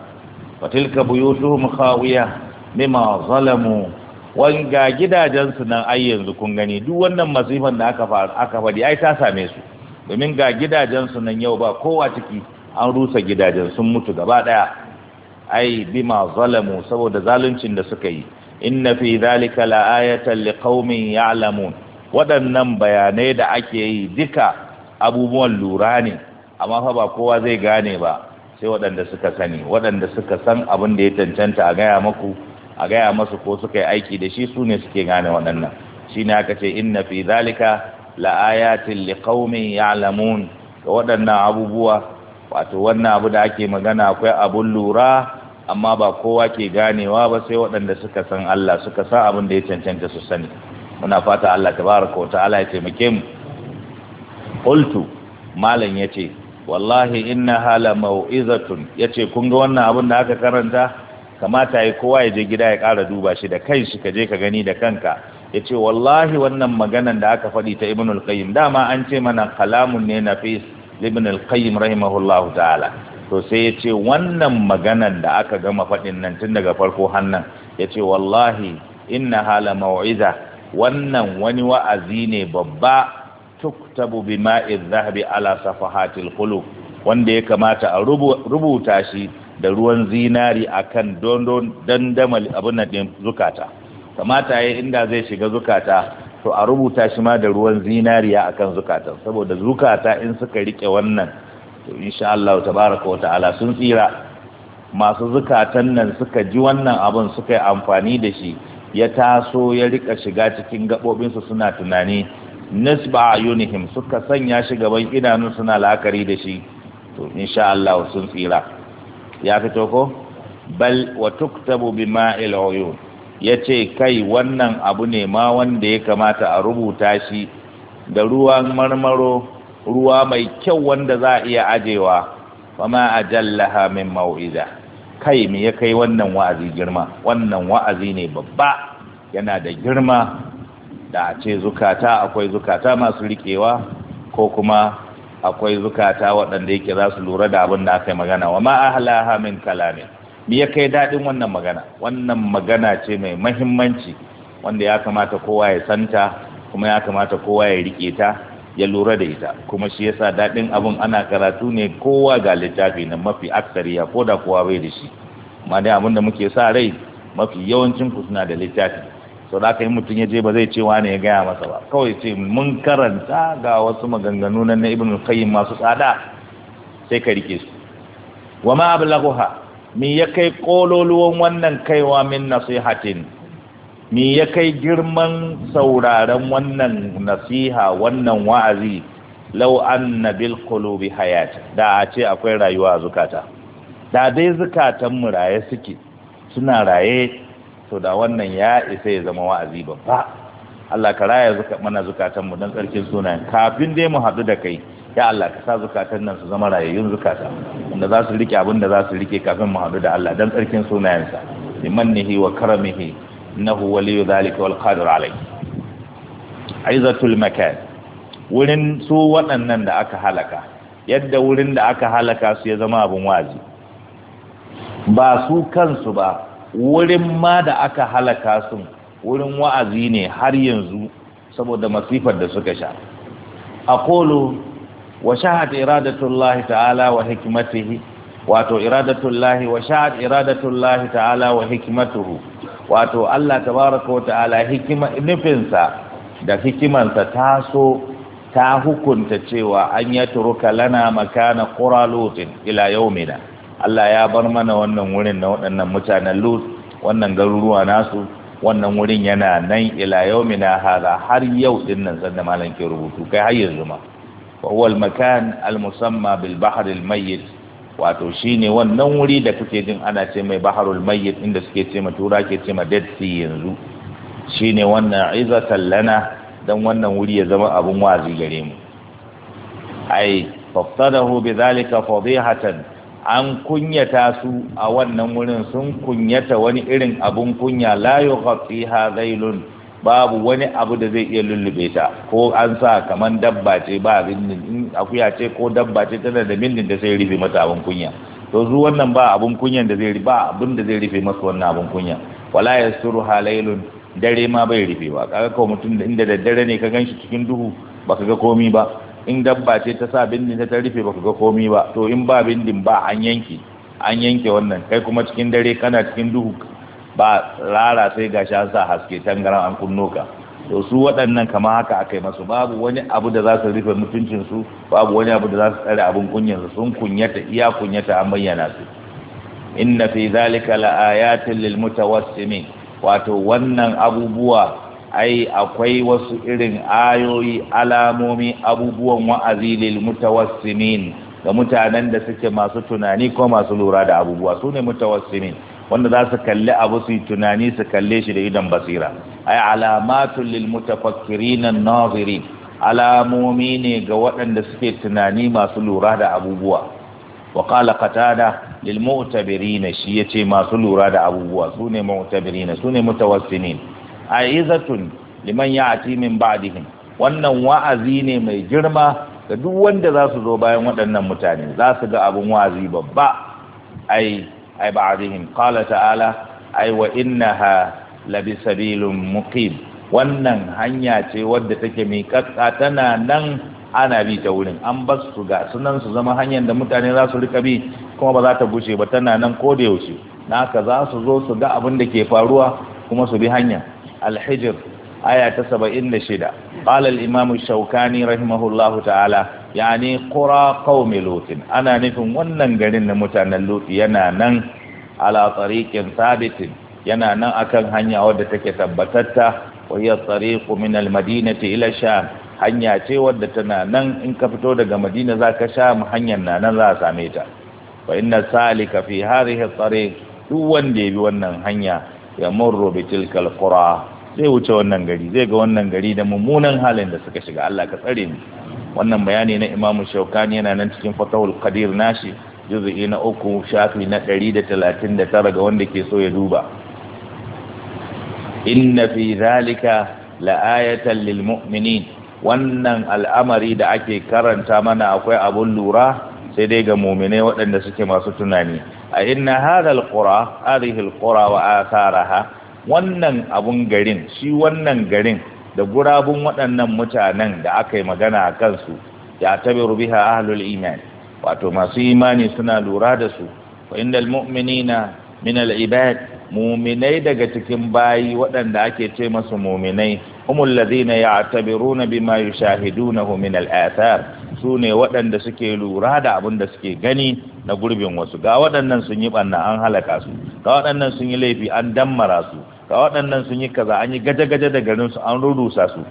Fatilka buyutuhum khawiya bima zalamu wanga gidajensu nan ai yanzu kun gani duk wannan masifan da aka aka faɗi ai ta same su domin ga gidajensu nan yau ba kowa ciki an rusa gidajen sun mutu gaba daya ai bima zalamu saboda zaluncin da suka yi inna fi zalika la'ayatan liqaumin ya'lamun waɗannan bayanai da ake yi duka abubuwan lura ne amma fa ba kowa zai gane ba sai waɗanda suka sani waɗanda suka san abin da ya cancanta a gaya maku a gaya masu ko suka yi aiki da shi su ne suke gane waɗannan shi ne aka ce inna fi zalika li qaumin ya'lamun ga waɗannan abubuwa wato wannan abu da ake magana akwai abun lura amma ba kowa ke ganewa ba sai waɗanda suka san Allah suka san abin da ya cancanta su sani muna fata Allah tabaraka wa ta'ala ya taimake mu qultu malam yace wallahi innaha la mau'izatun yace kun ga wannan abin da aka karanta kamata ya kowa ya je gida ya ƙara duba shi da kai shi ka je ka gani da kanka ya ce wallahi wannan maganan da aka faɗi ta ibn al-qayyim dama an ce mana kalamun ne na fis ibn al-qayyim rahimahullahu ta'ala to sai ya ce wannan maganan da aka gama faɗin nan tun daga farko hannan ya ce wallahi inna hala mau'iza wannan wani wa'azi ne babba tuktabu bi ma'iz zahabi ala safahatil qulub wanda ya kamata a rubuta shi da ruwan zinari akan don dandamal abin zukata kamata ya inda zai shiga zukata to a rubuta shi ma da ruwan zinariya akan zukata saboda zukata in suka rike wannan to insha Allah tabaraka wa ta'ala sun tsira masu zukatan nan suka ji wannan abin suka yi amfani da shi ya taso ya rika shiga cikin gabobinsu suna tunani nisba yunihim suka sanya shi gaban idanun suna la'akari da shi to insha Allah sun tsira ya fito ko bal wa tuktabu ma'il uyun yace kai wannan abu ne ma wanda ya kamata a rubuta shi da ruwan marmaro ruwa mai kyau wanda za a iya ajewa ma ajallaha min mau'iza kai me ya kai wannan wa'azi girma wannan wa'azi ne babba yana da girma da a ce zukata akwai zukata masu rikewa ko kuma akwai zukata waɗanda yake za su lura da abin da aka yi magana wa ma'ahlaha min kalamin me ya kai daɗin wannan magana wannan magana ce mai mahimmanci wanda ya kamata kowa ya santa kuma ya kamata kowa ya riƙe ta ya lura da ita kuma shi yasa daɗin abin ana karatu ne kowa ga littafi na mafi aksariya ko da kowa bai da shi amma dai abin da muke sa rai mafi yawancin ku suna da littafi sau da aka yi mutum ya je ba zai cewa ne ya gaya masa ba kawai ce mun karanta ga wasu maganganu na na ibn qayyim masu tsada sai ka rike su wa ma ablaghuha mi ya kai kololuwan wannan kaiwa min nasihatin mi ya kai girman sauraren wannan nasiha wannan wa'azi lau anna bil qulubi hayat da a ce akwai rayuwa a zukata da dai zukatan mu raye suke suna raye to da wannan ya isa ya zama wa'azi babba Allah ka raya mana zukatan mu dan tsarkin sunayen kafin dai mu haɗu da kai ya Allah ka sa zukatan nan su zama rayayyun zukata wanda za su rike abin da za su rike kafin mu hadu da Allah dan tsarkin sunayensa limannihi wa karamihi innahu waliyyu zalika wal qadir alayhi aizatul makan wurin su waɗannan da aka halaka yadda wurin da aka halaka su ya zama abin wazi ba su kansu ba wurin ma da aka halaka sun, wurin wa'azi ne har yanzu saboda masifar da suka sha aqulu wa shahat iradatullahi ta'ala wa hikmatihi wato iradatullahi wa iradatullahi ta'ala wa hikmatuhu wato Allah tabaraka wa ta'ala hikima nufinsa da hikimansa ta so ta hukunta cewa an turuka lana makana qura lutin ila mina Allah ya bar mana wannan wurin na waɗannan mutanen Lut wannan garuruwa nasu wannan wurin yana nan ila yaumina hada har yau din nan sanda malam ke rubutu kai har yanzu ma wa huwa al makan al musamma bil bahr al mayyit wato shine wannan wuri da kuke jin ana ce mai baharul mayyit inda suke ce ma tura ke ce ma dead sea yanzu shine wannan izatan lana dan wannan wuri ya zama abun wazi gare mu ai faftadahu bidhalika fadihatan an kunyata su a wannan wurin sun kunyata wani irin abun kunya la ha zailun babu wani abu da zai iya lullube ta ko an sa kaman dabba ce ba bindin in akuya ce ko dabba ce tana da bindin da sai rufe mata abun kunya to zu wannan ba abun kunyan da zai ba abun da zai rufe masa wannan abun kunya wala yasturu halailun dare ma bai rufe ba kaga ko mutum da inda daddare ne ka ganshi cikin duhu baka ga komi ba in dabba ce ta sa bindin ta rufe baka ga komai ba to in ba bindin ba an yanke an yanke wannan kai kuma cikin dare kana cikin duhu ba rara sai ga an sa haske tangaran an kunno ka to su waɗannan kamar haka akai masu babu wani abu da za su rufe mutuncinsu babu wani abu da za su tsare kunyar su sun kunyata iya kunyata an bayyana su inna fi zalika laayatin lil mutawassimin wato wannan abubuwa ai akwai wasu irin ayoyi alamomi abubuwan wa'azi lil mutawassimin ga mutanen da suke masu tunani ko masu lura da abubuwa su ne mutawassimin wanda za su kalli abu su tunani su kalle shi da idan basira ai alamatu lil mutafakkirin an-nazirin alamomi ne ga waɗanda suke tunani masu lura da abubuwa wa qala qatada lil mu'tabirin shi yace masu lura da abubuwa su ne mu'tabirin su ne mutawassimin a'izatun liman ya ati min ba'dihim wannan wa'azi ne mai girma ga duk wanda za su zo bayan waɗannan mutane za su ga abin wa'azi babba ai ai ba'dihim qala ta'ala ai wa innaha labisabilun muqim wannan hanya ce wadda take miƙaƙƙa tana nan ana bi ta wurin an ba su ga sunan su zama hanyar da mutane za su rika bi kuma ba za ta bushe ba tana nan ko da yaushe naka za su zo su ga abin da ke faruwa kuma su bi hanya alhijir aya ta saba'in da shida ƙalar imamu shaukani rahimahullahu ta'ala ya ne ƙura ƙaumi ana nufin wannan garin na mutanen lutin yana nan ala tsariƙin sabitin yana nan akan hanya wadda take tabbatatta wahiyar tsariƙu min almadinati ila sham hanya ce wadda tana nan in ka fito daga madina za ka sha hanyar na nan za a same ta fa inna salika fi hadhihi tsariq duk wanda ya bi wannan hanya ya murru bi tilkal qura zai wuce wannan gari zai ga wannan gari da mummunan halin da suka shiga Allah ka tsare ni wannan bayani na Imam Shaukani yana nan cikin Fatawul Qadir nashi juz'i na uku shafi na 139 ga wanda ke so ya duba inna fi zalika la'ayatan lil mu'minin wannan al'amari da ake karanta mana akwai abun lura sai dai ga mu'mine waɗanda suke masu tunani a inna hadha al-qura hadhihi al-qura wa atharaha wannan abun garin shi wannan garin da gurabun waɗannan mutanen da aka yi magana a kansu ya tabi rubiha ahlul iman wato masu imani suna lura da su fa innal mu'minina min al ibad mu'minai daga cikin bayi waɗanda ake ce masu mu'minai humul ladina ya'tabiruna shahidu yushahidunahu min al athar ne waɗanda suke lura da abin da suke gani na gurbin wasu ga waɗannan sun yi ɓanna, an halaka su ga waɗannan sun yi laifi an dammara su ga waɗannan sun yi kaza an yi gaje-gaje da garin su an rurusa su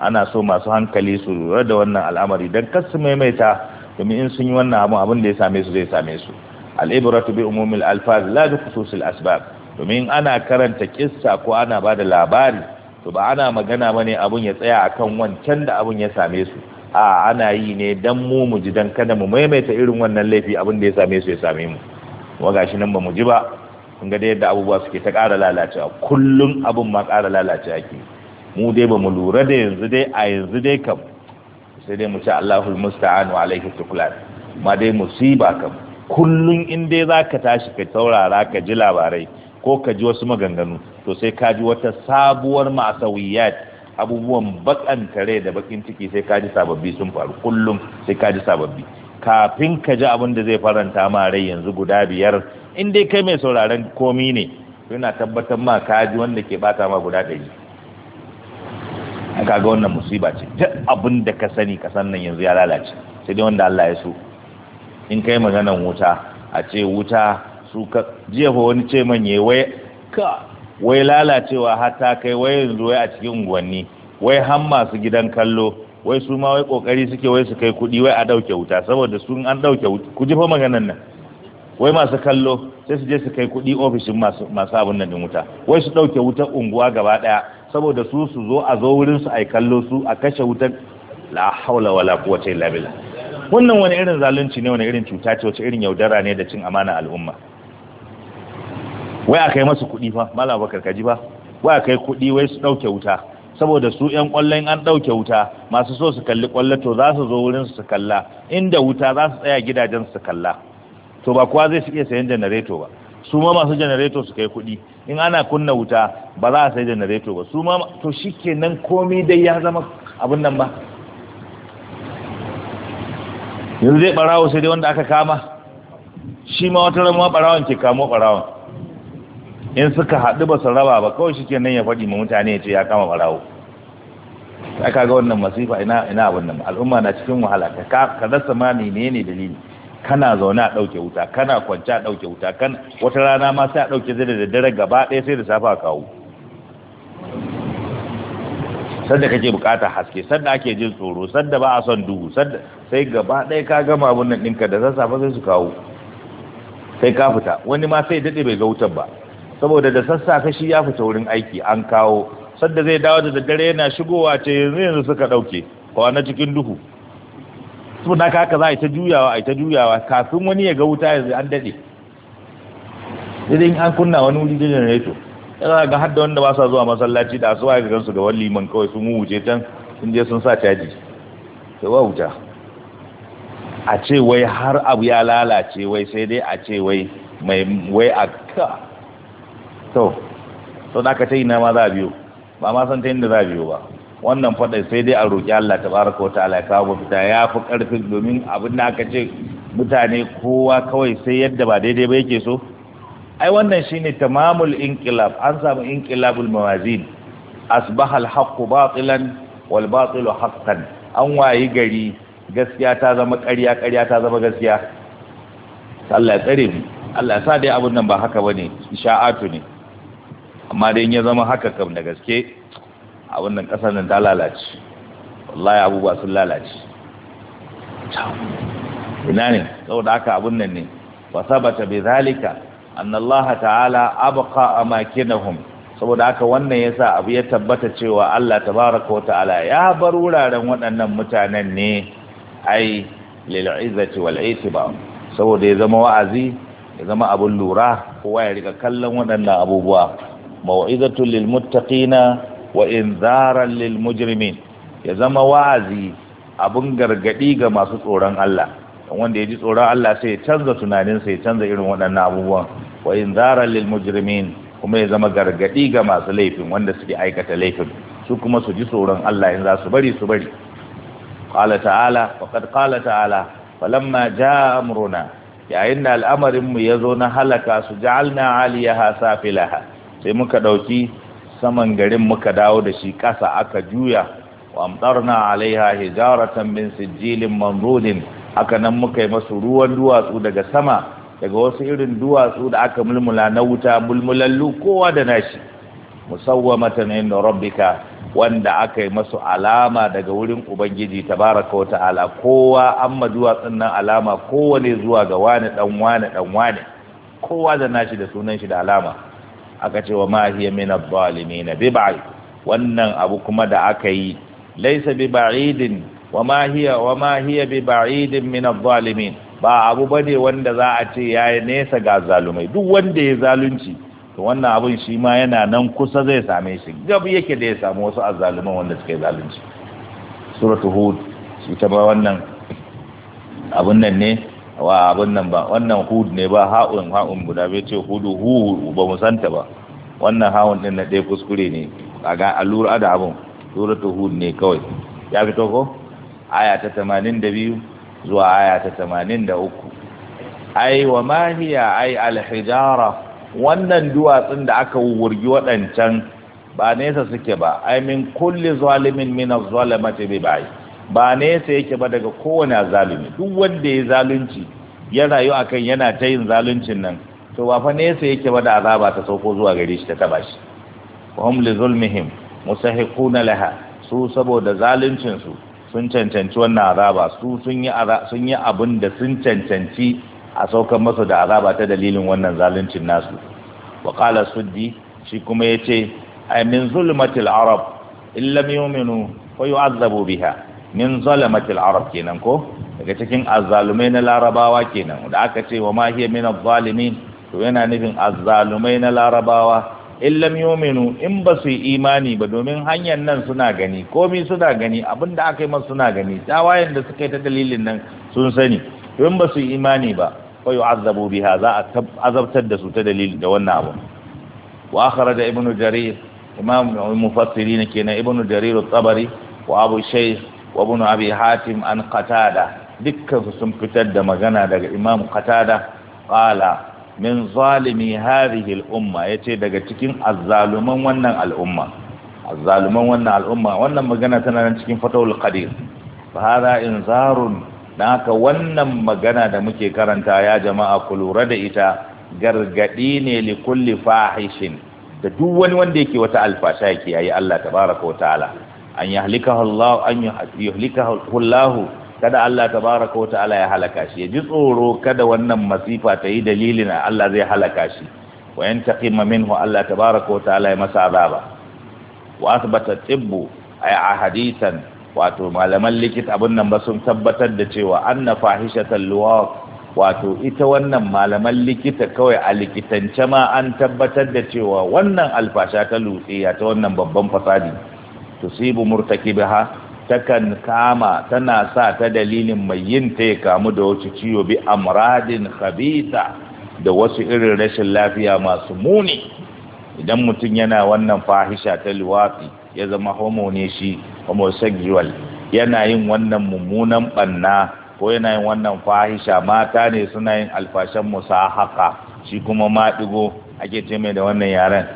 ana so masu hankali su lura da wannan al'amari don kar su maimaita domin in sun yi wannan abun abin da ya same su zai same su al'ibratu bi umumil alfaz la bi khususil asbab domin ana karanta kissa ko ana ba da labari to ba ana magana ba ne abun ya tsaya akan wancan da abin ya same su a ana yi ne dan mu mu ji dan kada mu maimaita irin wannan laifi abin da ya same su ya same mu wa gashi nan ba mu ji ba kun ga da yadda abubuwa suke ta ƙara lalacewa kullum abin ma ƙara lalacewa ke mu dai ba mu lura da yanzu dai a yanzu dai kam sai dai mu ce Allahul musta'an wa alaihi tukulan ma dai musiba kam kullum in dai za ka tashi ka taurara ka ji labarai ko ka ji wasu maganganu to sai ka ji wata sabuwar ma'asawiyat abubuwan bakan tare da bakin ciki sai ka ji sababbi sun faru kullum sai ka ji sababbi kafin ka ji abin da zai faranta ma rai yanzu guda biyar in dai kai mai sauraron komi ne yana tabbatar ma kaji wanda ke bata ma guda ɗari ka ga wannan musiba ce duk abin da ka sani san nan yanzu ya lalace sai dai wanda Allah ya so in kai maganan wuta a ce wuta su ka jiya fa wani ce manye wai ka wai lalacewa hatta kai wai yanzu wai a cikin unguwanni wai har masu gidan kallo wai su ma wai kokari suke wai su kai kuɗi wai a ɗauke wuta saboda su an ɗauke kuji ku fa maganan nan wai masu kallo sai su je su kai kuɗi ofishin masu abin nan din wuta wai su ɗauke wutar unguwa gaba ɗaya saboda su su zo a zo wurin su ai kallo su a kashe wutar la haula wala quwwata illa billah wannan wani irin zalunci ne wani irin cuta ce wace irin yaudara ne da cin amana al'umma wai a kai masu kuɗi fa malam bakar kaji ba wai a kai kuɗi wai su ɗauke wuta saboda su ƴan ƙwallon an ɗauke wuta masu so su kalli ƙwallo to za su zo wurin su kalla inda wuta za su tsaya gidajen su kalla to ba kowa zai iya sayan janareto ba su ma masu janareto su kai kuɗi in ana kunna wuta ba za a sayi janareto ba su ma to shi kenan komai dai ya zama abin nan ba yanzu zai barawo sai dai wanda aka kama shi ma wata ramuwa barawon ke kamo barawon in suka haɗu ba su raba ba kawai shi kenan ya faɗi ma mutane ya ce ya kama barawo aka ga wannan masifa ina abin nan al'umma na cikin wahala ka ka rasa ma menene dalili kana zaune a ɗauke wuta kana kwanci a ɗauke wuta kan wata rana ma sai a ɗauke zai da daddare gaba ɗaya sai da safa kawo sanda kake bukata haske sanda ake jin tsoro sanda ba a son duhu sanda sai gaba ɗaya ka gama abun nan ɗinka da sassafe sai su kawo sai ka fita wani ma sai daɗe bai ga wutar ba saboda da sassafe shi ya fita wurin aiki an kawo sanda zai dawo da daddare yana shigowa ce yanzu yanzu suka ɗauke kwana cikin duhu saboda haka haka za a yi ta juyawa a yi ta juyawa kafin wani ya ga wuta zai an daɗe idan in an kunna wani wuri da janareto yana ga har da wanda ba sa zuwa masallaci da su ga gansu ga wani liman kawai sun wuce can sun je sun sa caji da wa wuta a ce wai har abu ya lalace wai sai dai a ce wai mai wai a ka to sau da aka ta yi na ma za a biyo ba ma san ta yin da za a biyo ba wannan faɗa sai dai a roƙi Allah ta baraka wa ta'ala ya kawo fita ya fi ƙarfin domin abin da aka ce mutane kowa kawai sai yadda ba daidai ba yake so ai wannan shine tamamul inqilab an samu inqilabul mawazin asbaha al-haqqu batilan wal batilu haqqan an wayi gari gaskiya ta zama ƙarya ƙarya ta zama gaskiya Allah ya tsare mu Allah ya sa dai abun nan ba haka bane isha'atu ne amma dai in ya zama haka kam da gaske a wannan ƙasar nan ta lalace wallahi abubuwa sun lalace ina ne saboda haka abun nan ne wa sabata bi zalika anna Allah ta'ala abqa amakinahum saboda haka wannan yasa abu ya tabbata cewa Allah tabaraka wa ta'ala ya bar wuraren waɗannan mutanen ne ai lil izzati wal itiba saboda ya zama wa'azi ya zama abun lura kowa ya rika kallon waɗannan abubuwa mau'izatu lil muttaqina wa inzaran lil mujrimin ya zama wa'azi abun gargadi ga masu tsoron Allah wanda ya ji tsoron Allah sai ya canza tunaninsa ya canza irin waɗannan abubuwan wa inzaran lil mujrimin kuma ya zama gargadi ga masu laifin wanda suke aikata laifin su kuma su ji tsoron Allah in za su bari su bari qala ta'ala wa qad qala ta'ala falamma jaa amruna yayin da al'amarin mu yazo na halaka su ja'alna 'aliyaha safilaha sai muka dauki saman garin muka dawo da shi ƙasa aka juya wa amtarna alaiha hijaratan min sijilin manzulin aka nan muka yi masu ruwan duwatsu daga sama daga wasu irin duwatsu da aka mulmula na wuta mulmulallu kowa da nashi musawwamatan inda rabbika wanda aka yi masu alama daga wurin ubangiji tabaraka wa ta'ala kowa an ma duwatsun nan alama kowane zuwa ga wani dan wani dan wani kowa da nashi da sunan shi da alama aka ce wa mahiya hiya min adh-dhalimin bi wannan abu kuma da aka yi laysa bi ba'idin wa mahiya wa mahiya bi ba'idin min al dhalimin ba abu bane wanda za a ce yayi nesa ga zalumai duk wanda ya zalunci to wannan abun shi ma yana nan kusa zai same shi gab yake da ya samu wasu azzaluman wanda suka yi zalunci suratul hud shi ta ba wannan abun nan ne wa abin nan ba wannan hud ne ba ha'un ha'un guda bai ce hudu hu ba mu ba wannan ha'un din na ɗaya kuskure ne a ga allura da abin suratu hud ne kawai ya fito ko aya ta tamanin da biyu zuwa aya ta tamanin da uku ai wa mahiya ai alhijara wannan duwatsun da aka wurgi waɗancan ba nesa suke ba ai min kulli zalimin min az-zalamati bi ba'i ba nesa yake ba daga kowane zalimi duk wanda ya zalunci ya rayu akan yana ta yin zaluncin nan to ba fa nesa yake ba da azaba ta sauko zuwa gare shi ta taba shi hum li zulmihim musahiquna laha su saboda zaluncin su sun cancanci wannan azaba su sun yi sun yi abin da sun cancanci a saukan masa da azaba ta dalilin wannan zaluncin nasu wa qala suddi shi kuma yace ay min zulmatil arab illam yu'minu wa yu'azzabu biha min zalamatil arab kenan ko daga cikin azzalumai na larabawa kenan da aka ce wa ma hiya min azzalimin to yana nufin azzalumai na larabawa in yu'minu in ba su yi imani ba domin hanyar nan suna gani komi suna gani abinda aka yi masu suna gani tawayen da suka yi ta dalilin nan sun sani to in ba su yi imani ba fa yu'azzabu biha za a azabtar da su ta dalilin da wannan abu wa akhraja ibnu jarir imam mufassirin kenan ibnu jarir at-tabari wa abu shaykh wa ibn abi hatim an qatada dukkan su sun fitar da magana daga imam Katada? Kala. min zalimi hadhihi al umma yace daga cikin azzaluman wannan al'umma azzaluman wannan al'umma wannan magana tana nan cikin fatawul qadir fa naka wannan magana da muke karanta ya jama'a ku lura da ita gargadi ne li kulli fahishin da duk wani wanda yake wata alfasha yake yayi Allah tabaraka wa ta'ala an yahlikahu Allah Allah kada Allah tabaraka wa ta'ala ya halaka shi ya ji tsoro kada wannan masifa ta yi dalilin Allah zai halaka shi wa yantaqima minhu Allah tabaraka wa ta'ala ya masa azaba wa asbata tibbu ay ahadisan wato malaman likita abun nan ba sun tabbatar da cewa anna fahishatal luwaq wato ita wannan malaman likita kawai a likitance ma an tabbatar da cewa wannan alfasha ta lutsiya ta wannan babban fasadi tusibu murtakibaha takan kama tana sa ta dalilin mai yin ta ya kamu da wasu ciwo bi amradin khabitha da wasu irin rashin lafiya masu muni idan mutum yana wannan fahisha ta liwafi ya zama homo ne shi homosexual yana yin wannan mummunan banna ko yana yin wannan fahisha mata ne suna yin alfashan musahaka shi kuma maɗigo ake ce mai da wannan yaren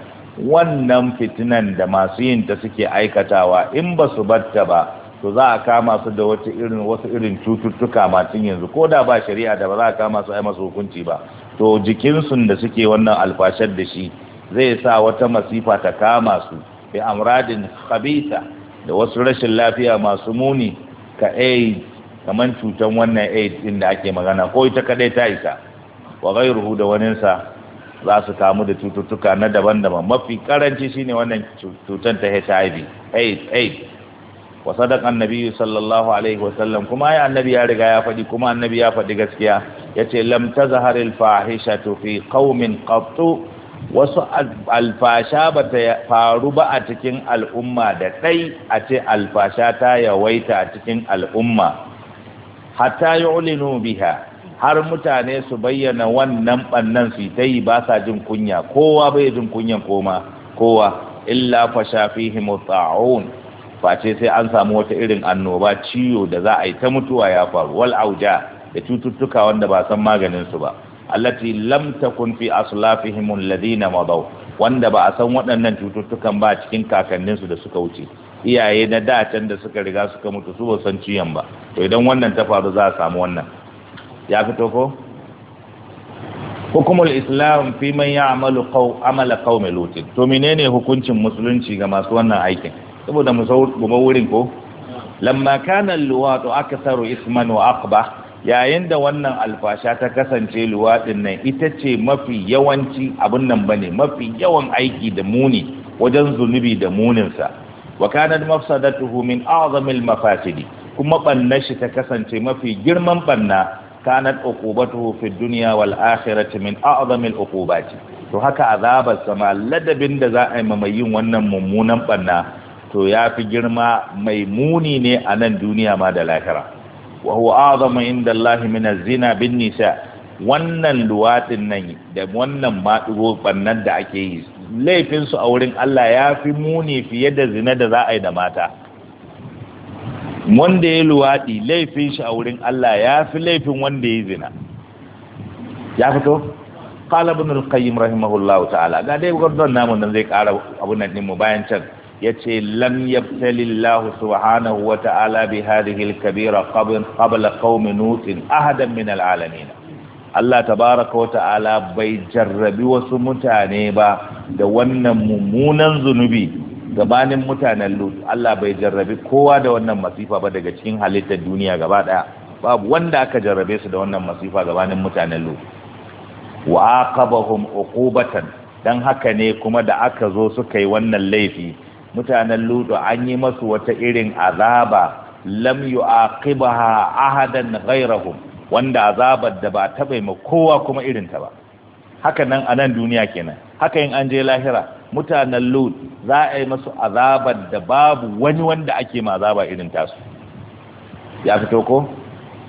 wannan fitinan da masu yin ta suke aikatawa in ba su batta ba to za a kama su da wata irin wasu irin cututtuka masu yanzu ko da ba shari'a da ba za a kama su a masu hukunci ba to jikinsu da suke wannan alfashar da shi zai sa wata masifa ta kama su bi amradin khabisa da wasu rashin lafiya masu muni ka aid kaman cutar wannan aid din da ake magana ko ita kadai ta isa wa ghairuhu da waninsa za su kamu da cututtuka na daban-daban mafi karanci shine wannan cutar ta HIV AIDS wa sadaka annabi sallallahu alaihi wa sallam kuma ya annabi ya riga ya faɗi kuma annabi ya faɗi gaskiya yace lam tazhar al fahishatu fi qaumin qattu wasu alfasha ba ta faru ba a cikin al'umma da ɗai a ce alfasha ta yawaita a cikin al'umma hatta yu'linu biha har mutane su bayyana wannan bannan su ta yi ba sa jin kunya kowa bai jin kunyan koma kowa illa fa shafihim ta'un face sai an samu wata irin annoba ciwo da za a yi ta mutuwa ya faru wal auja da cututtuka wanda ba san maganin su ba allati lam takun fi aslafihim alladhina madaw wanda ba a san waɗannan cututtukan ba cikin kakanninsu da suka wuce iyaye na da can da suka riga suka mutu su ba san ciyan ba to idan wannan ta faru za a samu wannan ya fito ko hukumul islam fi man ya'malu qaw amala qaumi lutin to menene hukuncin musulunci ga masu wannan aikin saboda mu goma wurin ko lamma kana luwatu aktharu isman wa aqba yayin da wannan alfasha ta kasance luwadin nan ita ce mafi yawanci abun nan bane mafi yawan aiki da muni wajen zunubi da muninsa wa kanat mafsadatuhu min a'zamil mafasidi kuma banna shi ta kasance mafi girman banna kanat uqubatuhu fi dunya wal akhirati min a'zami al uqubati to haka azabar sama ladabin da za a yi mai yin wannan mummunan banna to ya fi girma mai muni ne a nan duniya ma da lahira wa huwa a'zamu inda Allah min az-zina bin nisa wannan luwatin nan da wannan maɗigo bannan da ake yi laifinsu a wurin Allah ya fi muni fiye da zina da za a yi da mata wanda ya luwaɗi laifin shi a wurin Allah ya fi laifin wanda ya zina ya fito qala ibn rahimahullah ta'ala ga dai gordon namu nan zai ƙara abu na din mu bayan can ce lam yabtali Allah subhanahu wa ta'ala bi hadhihi kabira qabla qaum nut ahadan min al Allah tabaraka wa ta'ala bai jarrabi wasu mutane ba da wannan mummunan zunubi gabanin mutanen lut Allah bai jarrabe kowa da wannan masifa ba daga cikin halittar duniya gaba daya babu wanda aka jarrabe su da wannan masifa gabanin mutanen lut wa aqabahum uqubatan dan haka ne kuma da aka zo suka yi wannan laifi mutanen lut an yi masu wata irin azaba lam yu'aqibaha ahadan ghayrahum wanda azabar da ba ta bai ma kowa kuma irin ta ba haka nan a nan duniya kenan haka in an je lahira mutanen lut za a yi masu azabar da babu wani wanda ake ma azaba irin tasu ya fito ko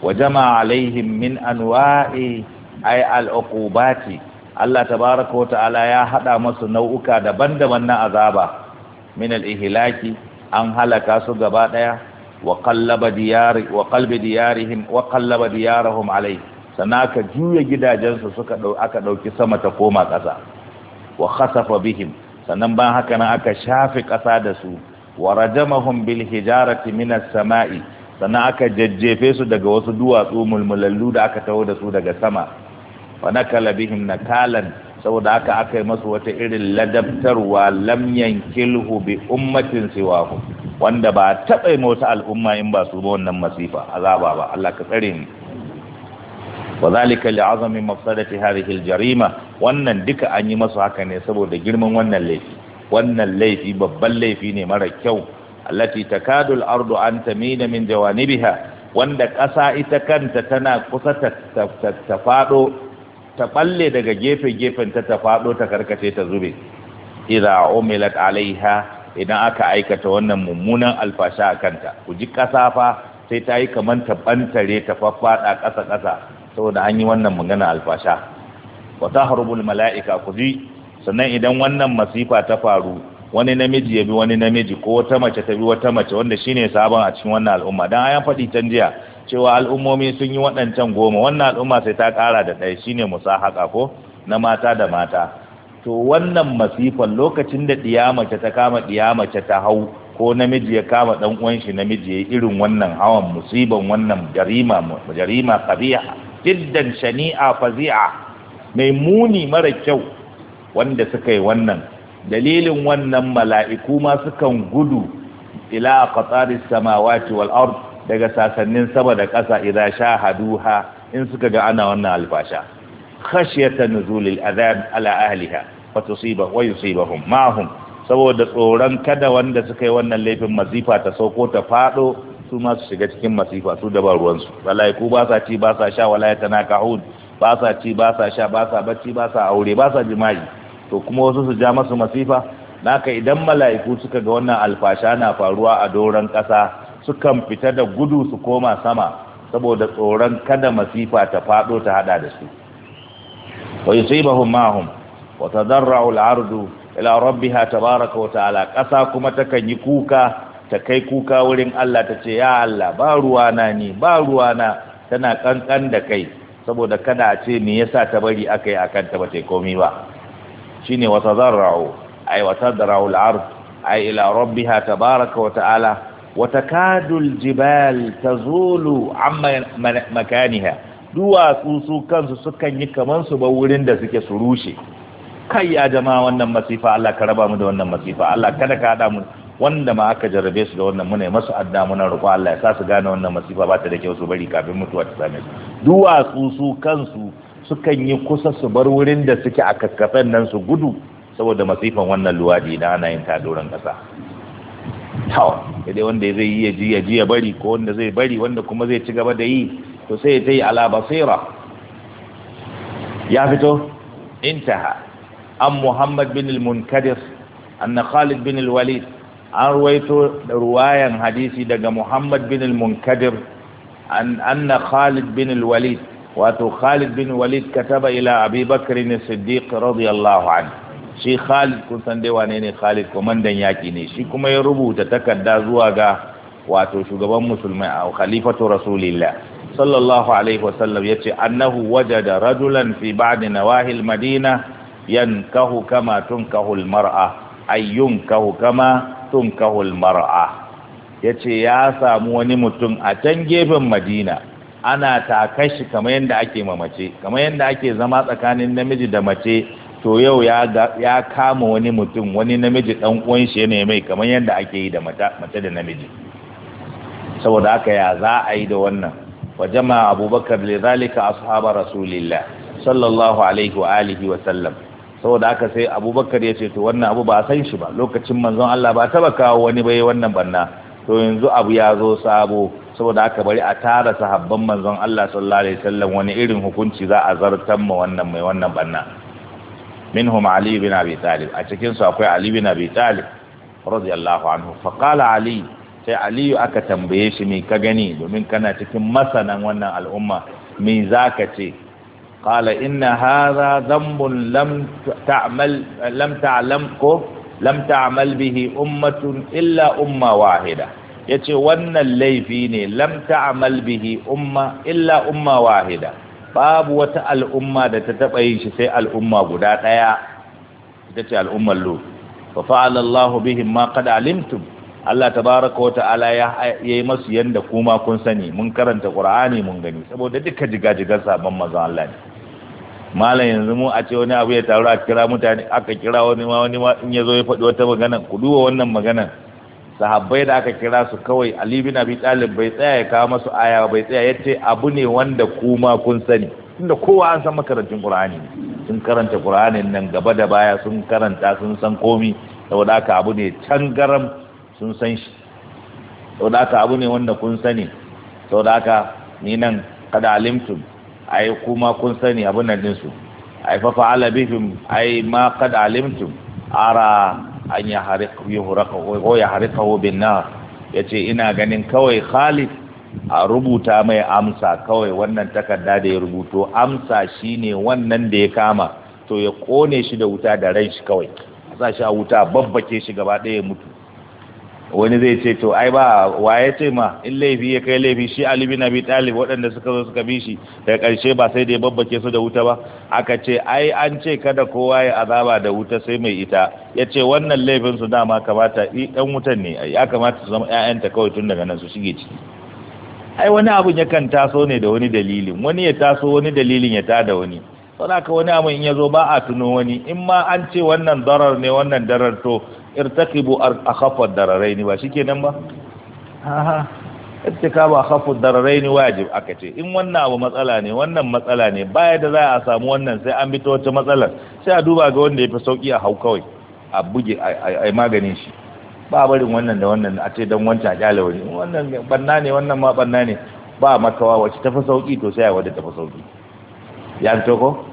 wa jama'a alaihim min anwa'i ay al-uqubati Allah tabaraka wa ta'ala ya hada masu nau'uka daban-daban na azaba min al-ihlaki an halaka su gaba daya wa qallaba diyari wa qalbi diyarihim wa qallaba diyarahum sanaka juya gidajensu suka aka dauki sama ta koma kasa wa khasafa bihim sannan ban haka nan aka shafe ƙasa da su wa rajamahum bil hijarati as sama'i sannan aka jajjefe su daga wasu duwatsu mulmulallu da aka taho da su daga sama wa nakala bihim nakalan saboda haka aka yi masu wata irin ladabtarwa lam yankilhu bi ummatin siwahu wanda ba taɓa yi wata al'umma in ba su ba wannan masifa azaba ba Allah ka tsare mu wa zalika li azami mafsadati hadhihi jarima wannan duka an yi masu haka ne saboda girman wannan laifi babban laifi ne mara kyau allati takadu al ardu an tamina min jawanibiha wanda ƙasa ita kanta tana kusa ta faɗo ta ɓalle daga gefe-gefen ta ta faɗo ta karkace ta zube idza umilat alaiha idan aka aikata wannan mummunan alfasha a kanta ku ji ƙasa fa sai ta yi kamar ta ɓantare ta faffaɗa ƙasa-ƙasa saboda an yi wannan magana alfasha wa harubul mala'ika ji sannan idan wannan masifa ta faru wani namiji ya bi wani namiji ko wata mace ta bi wata mace wanda shine sabon a cikin wannan al'umma dan ayan faɗi can jiya cewa al'ummomi sun yi waɗancan goma wannan al'umma sai ta kara da ɗaya shine musahaka ko na mata da mata to wannan masifan lokacin da ɗiya mace ta kama ɗiya mace ta hau ko namiji ya kama ɗan uwan shi namiji ya irin wannan hawan musiban wannan jarima jarima qabiha jiddan shani'a fazi'a mai muni mara kyau wanda suka yi wannan dalilin wannan mala'iku ma sukan gudu ila qataris samawati wal ard daga sasannin sama da ƙasa idza shahaduha in suka ga ana wannan albasha khashyatan nuzulil adab ala ahliha wa tusiba wa yusibahum ma hum saboda tsoron kada wanda suka yi wannan laifin mazifa ta sauko ta fado su ma su shiga cikin masifa su da su, ruwansu mala'iku ba sa ci ba sa sha wala tana kahun ba sa ci ba sa sha ba sa bacci ba sa aure ba sa jima'i to kuma wasu su ja masu masifa naka idan mala'iku suka ga wannan alfasha na faruwa a doron kasa sukan fita da gudu su koma sama saboda tsoron kada masifa ta fado ta hada da su wa yusibahum mahum wa tadarra'u al-ardu ila rabbiha tabaraka wa ta'ala ƙasa kuma takan yi kuka ta kai kuka wurin Allah ta ce ya Allah ba ruwana ne, ba ruwana tana kankan da kai saboda kada a ce me yasa ta bari akai akan ta bata komi ba shine wa tazarra'u ay wata tadra'u al-ard ay ila rabbiha tabaaraka wa ta'ala wa takadu al-jibal tazulu amma makaniha duwatsu su kansu sukan yi kaman su ba wurin da suke su rushe kai ya jama'a wannan masifa Allah ka raba mu da wannan masifa Allah kada ka hada mu wanda ma aka jarrabe su da wannan muna masu adda muna roƙo Allah ya sa su gane wannan masifa ba ta da kyau su bari kafin mutuwa ta same su duwatsu su kansu sukan yi kusa su bar wurin da suke a kakkafen nan su gudu saboda masifan wannan luwadi na ana yin tadoron ƙasa to dai wanda zai yi ji ya ji ya bari ko wanda zai bari wanda kuma zai ci gaba da yi to sai ya tayi ala basira ya fito intaha an muhammad bin al-munkadir anna khalid bin al-walid an ruwaito ruwayan hadisi daga Muhammad bin al-Munkadir anna Khalid bin al-Walid wato Khalid bin Walid kataba ila Abi Bakr siddiq radiyallahu anhu shi Khalid kun san dai wane ne Khalid komandan yaki ne shi kuma ya rubuta takarda zuwa ga wato shugaban musulmai a khalifatu rasulillah sallallahu alaihi wasallam yace annahu wajada rajulan fi ba'd nawahil madina yankahu kama tunkahu al-mar'a ay ka kama tunkahul mar'a ce ya samu wani mutum a can gefen Madina ana takashi kamar yadda ake mamace kamar yadda ake zama tsakanin namiji da mace to yau ya kama wani mutum wani namiji dan uwan shi ne mai kamar yadda ake yi da mace da namiji saboda haka ya za a yi da wannan wa jama'a abubakar lidhalika ashabar rasulillah sallallahu alaihi wa alihi wa sallam saboda haka sai abubakar ya ce to wannan abu ba a san shi ba lokacin manzon Allah ba taba kawo wani bai wannan banna to yanzu abu ya zo sabo saboda haka bari a tara sahabban manzon Allah sallallahu alaihi wasallam wani irin hukunci za a zartar ma wannan mai wannan banna minhum ali bin abi talib a cikin su akwai ali bin abi talib radiyallahu anhu fa qala ali sai ali aka tambaye shi me ka gani domin kana cikin masanan wannan al'umma me zaka ce قال إن هذا ذنب لم تعمل لم تعلمكم لم تعمل به أمة إلا أمة واحدة yace wannan laifi ne lam ta'mal bihi umma illa umma wahida babu wata al'umma da ta taba yi shi sai al'umma guda ɗaya ita ce al'ummar lu fa fa'ala Allahu bihim ma qad alimtum Allah tabaaraka wa ta'ala ya yayi masu yanda kuma kun sani mun karanta Qur'ani mun gani saboda duka jigajigan sabon manzon Allah malam yanzu mu a ce wani abu ya taru a kira mutane aka kira wani ma wani ma in ya zo ya faɗi wata magana ku duba wannan magana sahabbai da aka kira su kawai ali bin abi talib bai tsaya ya kawo masu aya bai tsaya ya ce abu ne wanda kuma kun sani tunda kowa an san makarantun qur'ani sun karanta qur'ani nan gaba da baya sun karanta sun san komi saboda haka abu ne can garam sun san shi saboda haka abu ne wanda kun sani saboda haka ni nan kada alimtum ai kuma kun sani abin nan dinsu ai fa fa'ala bihim ai ma qad alimtum ara an yahriqu yuhraqu wa bin nar yace ina ganin kawai Khalid a rubuta mai amsa kawai wannan takarda da ya rubuto amsa shine wannan da ya kama to ya kone shi da wuta da ran shi kawai sa shi a wuta babbake shi gaba ɗaya mutu wani zai ce to ai ba wa ya ce ma in laifi ya kai laifi shi Ali bin Abi Talib waɗanda suka zo suka bi shi daga ƙarshe ba sai da ya babbake su da wuta ba aka ce ai an ce kada kowa ya azaba da wuta sai mai ita ya ce wannan laifin su dama kamata ɗan wutan ne ya kamata su zama ta kawai tun daga nan su shige ciki ai wani abun yakan taso ne da wani dalilin wani ya taso wani dalilin ya ta da wani saboda wani abu in ya zo ba a tuno wani in ma an ce wannan darar ne wannan darar to irtaqibu akhaffa dararaini ba shikenan ba irtikaba akhaffa dararaini wajib aka ce in wannan abu matsala ne wannan matsala ne baya da za a samu wannan sai an bito ta wata matsalar sai a duba ga wanda ya fi sauki a hau kawai a buge a maganin shi ba barin wannan da wannan a ce don wancan a kyale wani wannan banna ne wannan ma banna ne ba makawa wacce tafi sauki to sai a wadda tafi sauki ya fito ko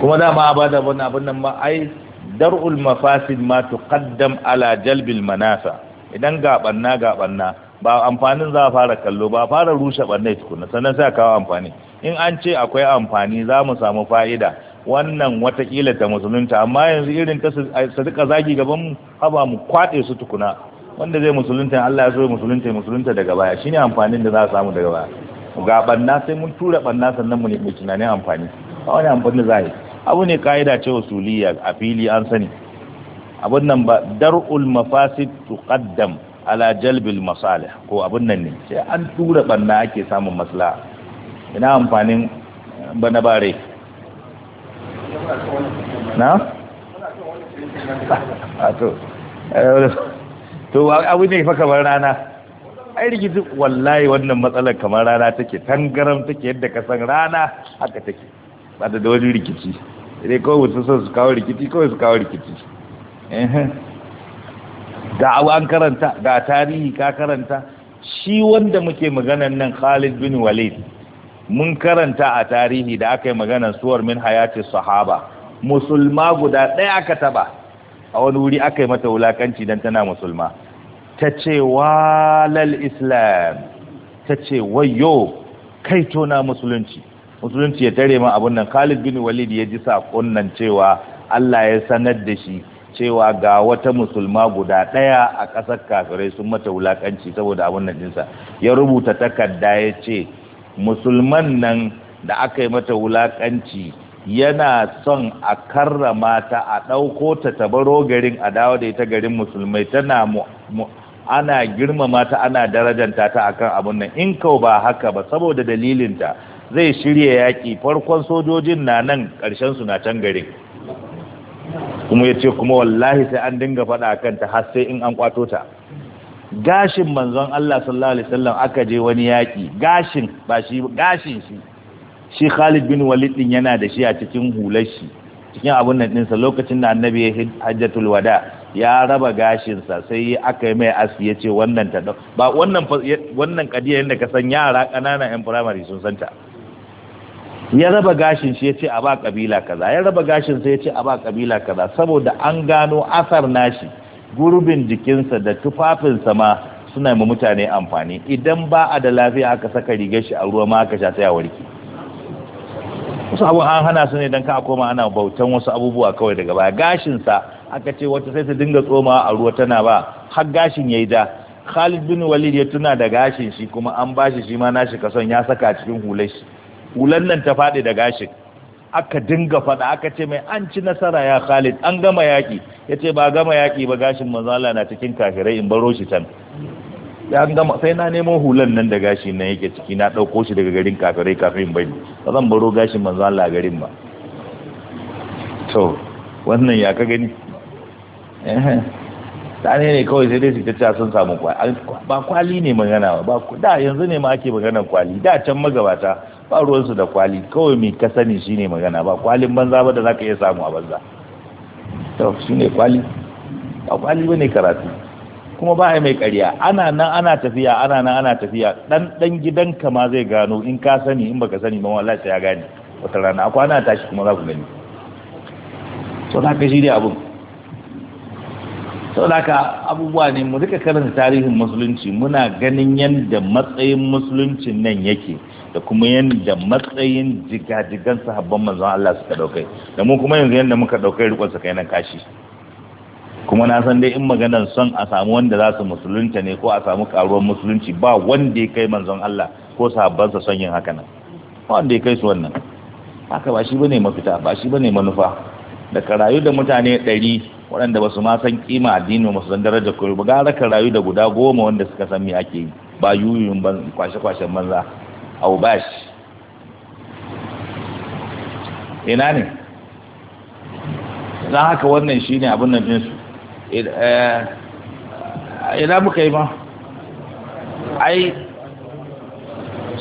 kuma dama ba da wani abin nan ma ai dar'ul mafasid ma tuqaddam ala jalbil manasa idan ga banna ga banna ba amfanin za a fara kallo ba fara rushe barnai tukuna sannan sai kawo amfani in an ce akwai amfani za mu samu fa'ida wannan watakila ta musulunta amma yanzu irin ta su rika zagi gaban haba mu kwaɗe su tukuna wanda zai musulunta Allah ya so musulunta musulunta daga baya shine amfanin da za a samu daga baya ga banna sai mun tura banna sannan mu ne tunanin amfani a wani amfani za a yi abu ne ka'ida ce usuliya a fili an sani abun nan ba dar'ul mafasid tuqaddam ala jalbil masalih ko abun nan ne sai an tura banna ake samun maslaha ina amfanin bana bare na to to abu ne fa kamar rana ai rigizi wallahi wannan matsalar kamar rana take tangaram take yadda ka san rana haka take ba da wani rikici sai kawai wasu sun su kawo rikici kawai su kawo rikici da abu an karanta ga tarihi ka karanta shi wanda muke maganan nan Khalid bin Walid mun karanta a tarihi da aka yi maganan suwar min hayati sahaba musulma guda ɗaya aka taba a wani wuri aka yi mata wulakanci don tana musulma ta ce walal islam ta ce wayo kai tona musulunci musulunci ya tare ma abun nan Khalid bin Walid ya ji sakon nan cewa Allah ya sanar da shi cewa ga wata musulma guda ɗaya a ƙasar kafirai sun mata wulakanci saboda abun nan dinsa ya rubuta takarda ya ce musulman nan da aka yi mata wulakanci yana son a karrama ta a ɗauko ta baro garin a dawo da ita garin musulmai tana ana girmama ta ana darajanta ta akan abun nan in kau ba haka ba saboda dalilinta zai shirya yaƙi farkon sojojin na nan ƙarshen su na can garin kuma ya ce kuma wallahi sai an dinga faɗa kan ta har sai in an kwato ta gashin manzon Allah sallallahu alaihi wasallam aka je wani yaƙi gashin ba shi gashin shi shi Khalid bin Walid din yana da shi a cikin hular shi cikin abun nan sa lokacin da annabi ya hajjatul wada ya raba gashinsa sai aka yi mai aski ya ce wannan ta ba wannan wannan kadiyar da ka san yara ƙananan 'yan firamare sun santa ya raba gashin shi ya ce a ba kabila kaza ya raba gashin sai ya ce a ba kabila kaza saboda an gano asar nashi gurbin jikinsa da tufafinsa ma suna ma mutane amfani idan ba a da lafiya aka saka rigar shi a ruwa ma aka sha tsaya warki wasu abu an hana su ne don ka koma ana bautan wasu abubuwa kawai daga baya gashin sa aka ce wata sai ta dinga tsoma a ruwa tana ba har gashin yayi da khalid bin walid ya tuna da gashin shi kuma an bashi shi ma nashi kason ya saka cikin hular shi hulan nan ta faɗi da gashin aka dinga faɗa aka ce mai an ci nasara ya khalid an gama yaƙi ya ce ba gama yaƙi ba gashin manzala na cikin kafirai in baro shi can ya gama sai na nemo hulan nan da gashi nan yake ciki na ɗauko shi daga garin kafirai kafin bai ba zan baro gashin manzala a garin ba to wannan ya ka gani tane eh, ne kawai sai dai su ta sun samu kwali ba kwali ne magana ba da yanzu ne ma ake magana kwali da can magabata ba ruwansu da kwali kawai mai ka sani ne magana ba kwalin banza ba da za ka iya samu a banza shi ne kwali A kwali ba ne karatu kuma ba mai karya ana nan ana tafiya ana nan ana tafiya dan dan ka ma zai gano in ka sani in baka sani ba wallahi sai ya gane wata rana akwai ana tashi kuma za ku gani to da ka shi dai abun to da ka abubuwa ne mu rika karanta tarihin musulunci muna ganin yadda matsayin musuluncin nan yake da kuma yadda matsayin jigajigan sahabban manzon Allah suka ɗaukai, da mu kuma yanzu yadda muka ɗaukai rikon sa kainan kashi kuma na san dai in maganar son a samu wanda za su musulunta ne ko a samu karuwar musulunci ba wanda ya kai manzon Allah ko sahabbansa son yin haka nan ba wanda ya kai su wannan haka ba shi bane mafita ba shi bane manufa da ka rayu da mutane ɗari waɗanda ba su ma san kima addini ba su san darajar koyo ba gara ka rayu da guda goma wanda suka san me ake yi ba yuyun ban kwashe-kwashen banza au bashi ina ne don haka wannan shi ne abin nan ɗinsu eh, ina muka yi ma ai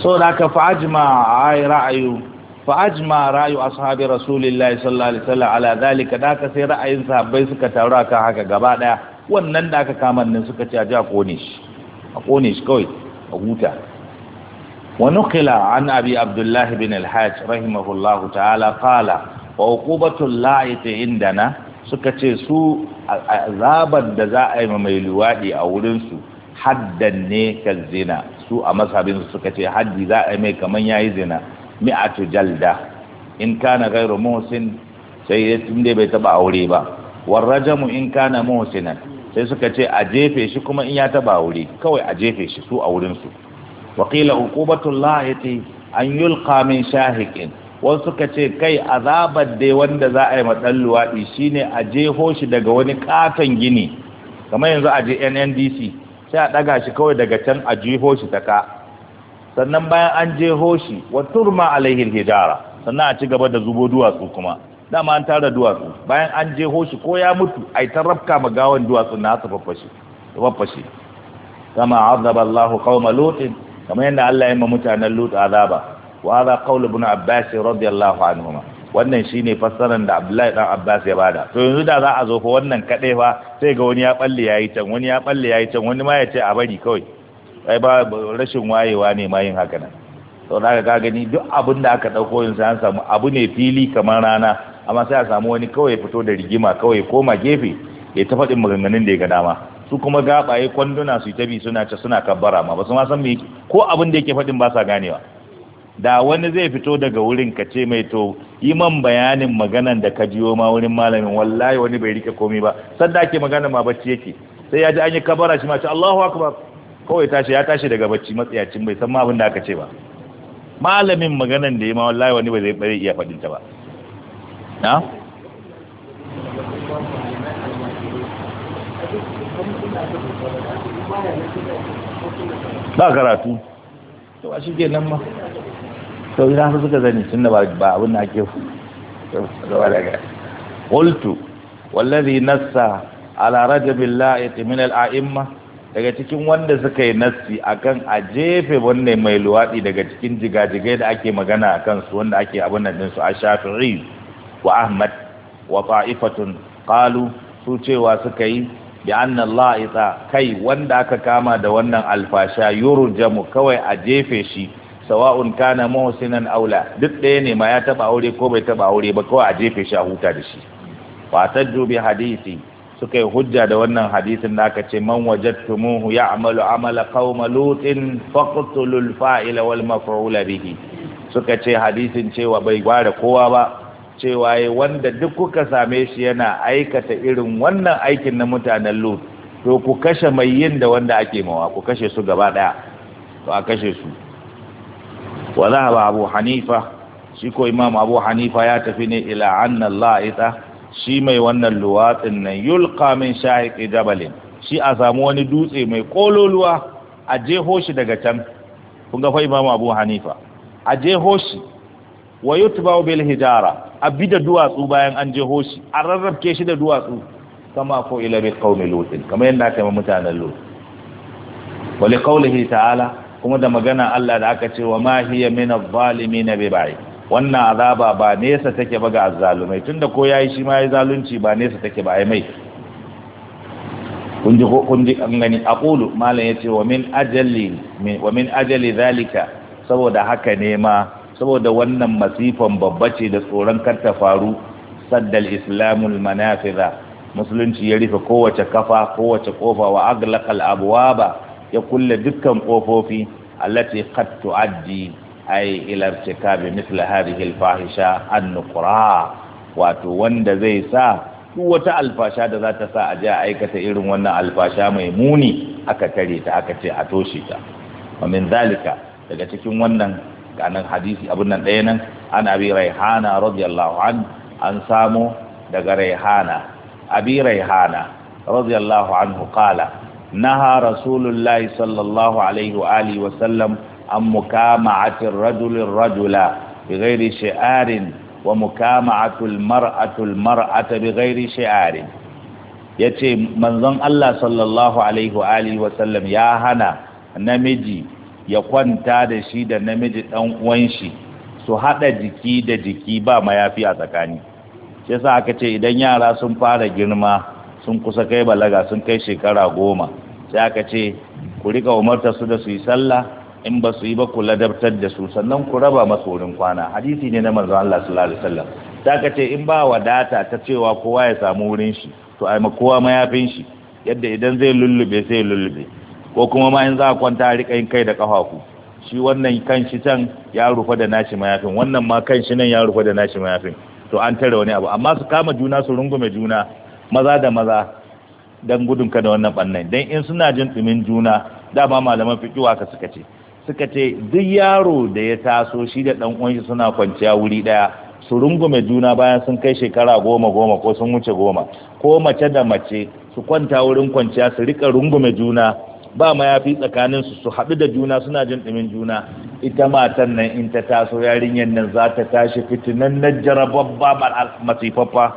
so da aka fa'ajima ai ra'ayu fa'ajima ra'ayu sahabi rasulillah sallallahu alaihi wasallam ala dalika da ka sai ra'ayin sahabbai suka taru akan haka gaba daya wannan da aka kama nan suka ce a ji a kone shi a kone shi kawai a huta ونقل عن أبي Abdullahi bin بن الحاج رحمه الله تعالى قال وعقوبة اللائط عندنا suka ce su azabar da za a yi mai luwaɗi a wurinsu haddan ne ka zina su a masabinsu suka ce haddi za a yi mai kamar ya yi zina mi'atu jalda in kana gairu muhsin sai ya tunde bai taba aure ba warrajamu in kana muhsinan sai suka ce a jefe shi kuma in ya taba aure kawai a jefe shi su a wurinsu wa qila uqubatullah yati an yulqa min shahiqin wasu suka ce kai azabar dai wanda za a yi matsan luwaɗi shine a jeho shi daga wani katon gini kamar yanzu a je nndc sai a ɗaga shi kawai daga can a jeho shi ta ka sannan bayan an jeho shi wa turma alaihi hijara sannan a ci gaba da zubo duwatsu kuma dama an tara duwatsu bayan an jeho shi ko ya mutu a yi ta ma gawan duwatsu na su faffashe kama azaba allahu qauma lutin kamar yadda Allah ya ma mutanen Lut azaba wa hadha qawl ibn Abbas radiyallahu anhuma wannan shine fassarar da Abdullahi dan Abbas ya bada to yanzu da za a zo fa wannan kadai fa sai ga wani ya balle yayi can wani ya balle yayi can wani ma ya ce a bari kawai ai ba rashin wayewa ne ma yin haka nan to da ka gani duk abin da aka dauko yanzu an samu abu ne fili kamar rana amma sai a samu wani kawai fito da rigima kawai koma gefe ya ta faɗin maganganun da ya ga dama su kuma gabaye kwanduna su tabi suna ce suna kabbara ma ba su ma san me ko abin da yake faɗin ba sa ganewa da wani zai fito daga wurin ka ce mai to yi man bayanin maganan da ka jiyo ma wurin malamin wallahi wani bai rike komai ba da ake magana ma bacci yake sai ya ji an yi kabbara shi ma ce Allahu akbar kawai tashi ya tashi daga bacci matsayacin bai san ma abin da aka ce ba malamin maganan da ya ma wallahi wani bai zai iya faɗin ta ba na ba karatu to a ke nan ma to ina su suka zani tun da ba abin da ake gaba daga qultu wallazi nassa ala rajabin la'iq min al'a'imma daga cikin wanda suka yi nassi akan a jefe wanne mai luwaɗi daga cikin jigajigai da ake magana a kansu wanda ake abin nan ɗinsu a shafi'i wa ahmad wa fa'ifatun qalu su cewa suka yi bi anna Allah ita kai wanda aka kama da wannan alfasha yurjamu kawai a jefe shi sawa'un kana muhsinan aula duk ɗaya ne ma ya taba aure ko bai taba aure ba kawai a jefe shi a huta da shi fatajju bi hadisi suka yi hujja da wannan hadisin da aka ce man wajadtumuhu ya'malu amala qauma lutin faqtulul fa'ila wal maf'ula bihi suka ce hadisin cewa bai gware kowa ba cewa eh, wanda duk kuka same shi yana aikata irin wannan aikin na mutanen lut to ku kashe mai yin da wanda ake mawa ku kashe su gaba daya to a kashe su wa ba abu hanifa shi ko imam abu hanifa ya tafi ne ila anna allah ita shi mai wannan luwatsin nan yulqa min shahiqi jabalin shi a samu wani dutse mai kololuwa a jeho shi daga can kun ga fa imam abu hanifa a jeho shi wa yutba'u bil hijara bi da duwatsu bayan an jeho shi a rarrabke shi da duwatsu kama ko ila bi qaumi lut kamar yadda aka yi mutanen lut wa li qawlihi ta'ala kuma da magana Allah da aka ce wa ma hiya min adh-dhalimin bi ba'i wannan azaba ba nesa take ba ga azzalumai tunda ko yayi shi ma yayi zalunci ba nesa take ba ai mai kun ji ko kun ji an gani aqulu malan yace wa min ajali wa min ajali zalika saboda haka ne ma saboda wannan masifan babba ce da tsoron kar ta faru saddal islamul manafiza musulunci ya rufe kowace kafa kowace kofa wa aglaqal abwaba ya kulle dukkan kofofi allati qad tuaddi ay ila irtikabi mithla hadhihi alfahisha an-nuqra wato wanda zai sa duk wata alfasha da za ta sa a ji a aikata irin wannan alfasha mai muni aka kare ta aka ce a toshe ta wa min zalika daga cikin wannan anan hadisi abin nan ɗaya nan an abi raihana radiyallahu an an samu daga raihana abi raihana radiyallahu anhu qala naha rasulullahi sallallahu alaihi wa alihi wa sallam an mukama'atir rajulin rajula bighairi shi'arin wa mukama'atul mar'atul mar'ata bighairi shi'arin yace manzon Allah sallallahu alaihi wa alihi wa sallam ya hana namiji ya kwanta da shi da namiji ɗan uwan shi su haɗa jiki da jiki ba mayafi a tsakani shi yasa aka ce idan yara sun fara girma sun kusa kai balaga sun kai shekara goma sai aka ce ku rika umarta su da su yi sallah in ba su yi ba ku ladabtar da su sannan ku raba masu wurin kwana hadisi ne na manzo Allah sallallahu alaihi wasallam sai aka ce in ba wadata ta cewa kowa ya samu wurin shi to ai kowa mayafin shi yadda idan zai lullube sai lullube ko kuma ma in za a kwanta a rika yin kai da ƙafafu shi wannan kan shi can ya rufe da nashi mayafin wannan ma kan shi nan ya rufe da nashi mayafin to an tare wani abu amma su kama juna su rungume juna maza da maza dan gudun kada wannan bannan dan in suna jin dumin juna da dama malaman fiqh ka suka ce suka ce duk yaro da ya taso shi da dan uwan shi suna kwanciya wuri daya su rungume juna bayan sun kai shekara goma goma ko sun wuce goma ko mace da mace su kwanta wurin kwanciya su rika rungume juna ba ya fi tsakaninsu su haɗu da juna suna jin ɗumin juna ita matan nan in ta taso yarinyar nan za ta tashi fitinan na jarababba masifaffa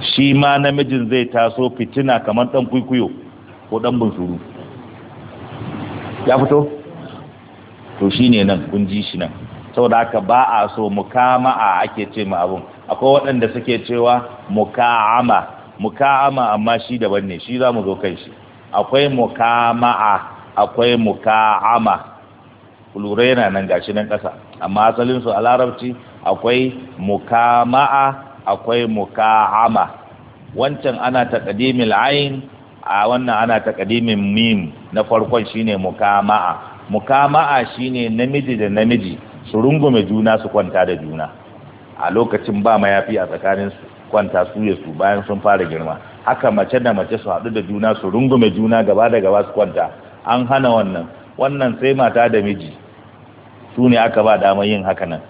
shi ma namijin zai taso fitina kamar ɗan kwikwiyo ko ɗan bunsuru ya fito to shi ne nan kun ji shi nan saboda haka ba a so a ake ce ma abun akwai waɗanda suke cewa muka'ama muka'ama amma shi daban ne shi za mu zo kai shi akwai mukama'a akwai muka'ama kulure yana nan gashi nan ƙasa amma asalin su a larabci akwai mukama'a akwai muka'ama wancan ana taqdimil ain a wannan ana taqdimin mim na farkon shine mukama'a mukama'a shine namiji da namiji su rungume juna su kwanta da juna a lokacin ba mayafi a tsakanin su kwanta su ya su bayan sun fara girma haka mace da mace su haɗu da juna su rungume juna gaba da gaba su kwanta an hana wannan wannan sai mata da miji su ne aka ba damar yin haka nan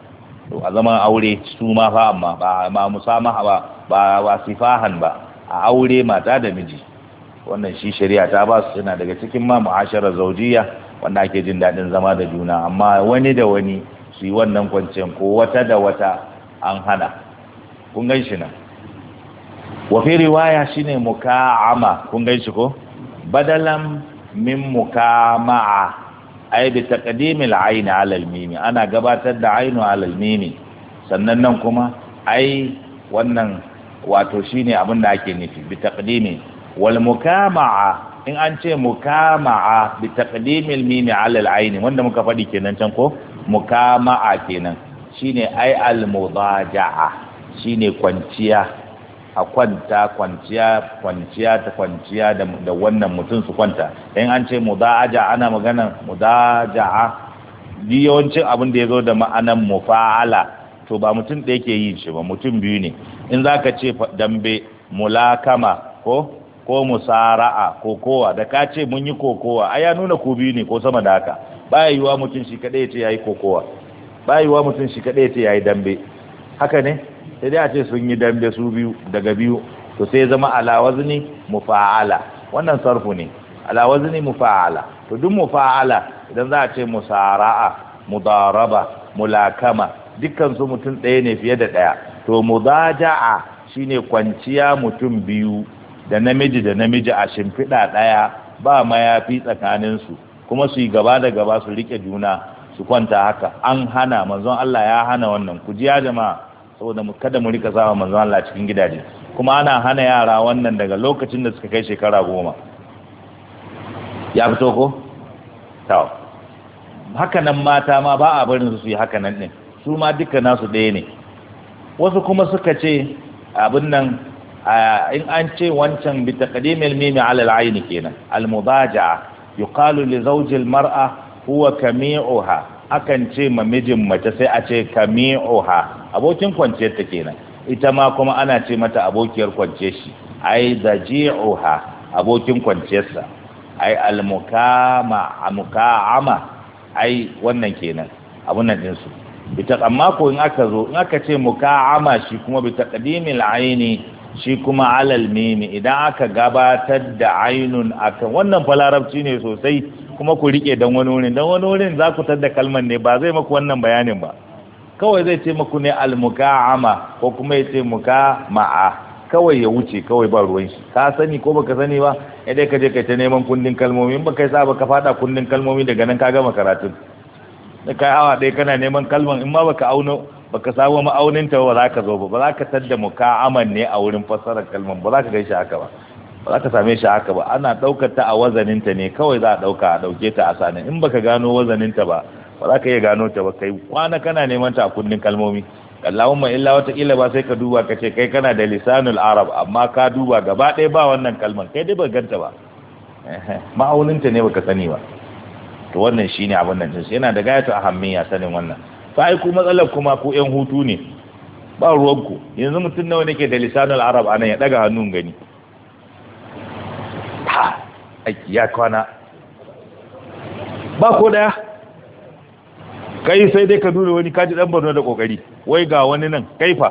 to a zaman aure su ma fa amma ba ma musamaha ba ba wasifahan ba a aure mata da miji wannan shi shari'a ta ba su suna daga cikin ma mu'asharar zaujiya wanda ake jin daɗin zama da juna amma wani da wani su yi wannan kwanciyar ko wata da wata an hana kun gan shi nan wa fi riwaya shine muka'ama kun shi ko badalan min mukama'a ai bi taqdimil aini ala al ana gabatar da aynu ala al sannan nan kuma ai wannan wato shine abin da ake nufi bi taqdimi wal mukama'a in an ce mukama'a bi taqdimil mimi ala al wanda muka faɗi kenan can ko mukama'a kenan shine ai al-mudaja'a shine kwanciya a kwanta kwanciya kwanciya ta kwanciya da wannan mutum su kwanta in an ce muda'aja ana magana mudaja'a bi yawancin abin da ya zo da ma'anan mufa'ala to ba mutum ɗaya ke yi shi ba mutum biyu ne in za ka ce dambe mulakama ko ko musara'a ko kowa da ka ce mun yi kokowa a ya nuna ku biyu ne ko sama da haka baya wa mutum shi kadai ya ce yi kokowa baya wa mutum shi kadai ya ce yayi dambe haka ne sai dai a ce sun yi dambe su biyu daga biyu to sai zama alawazni mufa'ala wannan sarfu ne alawazni mufa'ala to duk mufa'ala idan za a ce musara'a mudaraba mulakama dukkan su mutum ɗaya ne fiye da ɗaya to mudaja'a shine kwanciya mutum biyu da namiji da namiji a shimfiɗa ɗaya ba mayafi su kuma su yi gaba da gaba su riƙe juna su kwanta haka an hana manzon Allah ya hana wannan ku ji ya jama'a saboda mu kada mu rika sawa manzo Allah cikin gidaje kuma ana hana yara wannan daga lokacin da suka kai shekara goma ya fito ko to haka nan mata ma ba a barin su su yi haka nan din su ma duka nasu ɗaya ne wasu kuma suka ce abin nan in an ce wancan bi taqdimil mimi ala al-ayn kenan al mubajaa yuqalu li zawji al-mar'a huwa kami'uha akan ce ma mijin mace sai a ce kami'uha abokin kwanciyar ta kenan ita ma kuma ana ce mata abokiyar kwanciyar shi ai ji'uha abokin kwanciyarsa ai almukama amuka'ama ai wannan kenan abun nan din su ita amma ko in aka zo in aka ce ama shi kuma bi taqdimil aini shi kuma alal mimi idan aka gabatar da ainun akan wannan fa larabci ne sosai kuma ku rike dan wani wurin dan wani wurin za ku tada kalmar ne ba zai maku wannan bayanin ba kawai zai ce maku ne almuka'ama ko kuma ya ce mukama'a kawai ya wuce kawai ba ruwan shi ka sani ko baka sani ba idan eh, ka je ka ta neman kundin kalmomi in baka sa baka fada kundin kalmomi daga nan ka gama karatun da kai awa ɗaya kana neman kalman in ma baka auno baka samu ma'aunin ta ba za ka zo ba ba za ka tadda muka'aman ne a wurin fassarar kalman ba za ka gaishe haka ba ba za ka same shi haka ba ana ɗaukar ta a wazaninta ne kawai za a ɗauka a ɗauke ta a sanin in baka gano wazaninta ba ba za ka iya gano ta ba kai kwana kana neman ta a kunnin kalmomi Allahumma illa wata kila ba sai ka duba ka ce kai kana da lisanul arab amma ka duba gaba ɗaya ba wannan kalmar, kai dai ba ganta ba ma'auninta ne baka sani ba to wannan shine abin nan din yana da gayatu ahammiya sanin wannan fa ai ku matsalar kuma ku yan hutu ne ba ruwanku yanzu mutum nawa nake da lisanul arab anan ya daga hannun gani ha ya kwana ba ko daya kai sai dai ka nuna wani kaji dan barno da kokari wai ga wani nan kaifa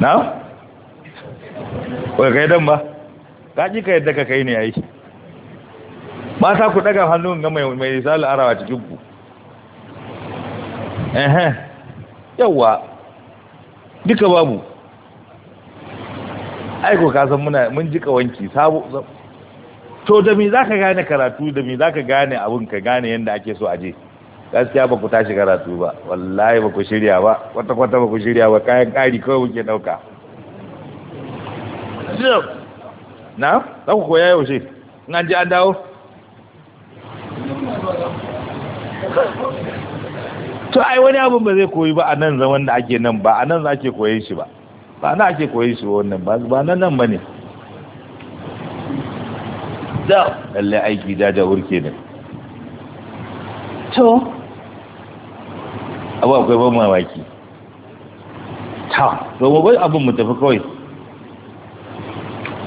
na wai kai dan ba kaji ka yadda ka kai ne yayi sa ku daga hannun ga mai mai risala arawa cikin ku eh yawa duka babu aiko ka san muna mun jika wanki sabo to da me zaka gane karatu da me zaka gane abun ka gane yanda ake so aje gaskiya ba ku tashi karatu ba wallahi ba ku shirya ba kwata-kwata ba ku shirya ba kayan ƙari kawai muke ɗauka na za ku koya yau shi na ji an dawo to ai wani abin ba zai koyi ba a nan zaman da ake nan ba a nan za ake koyi shi ba ba na ake koyi shi wannan ba ba nan nan ba ne da lallai aiki da da wurke ne to abu akwai ban mamaki ta domin bai abin mu tafi kawai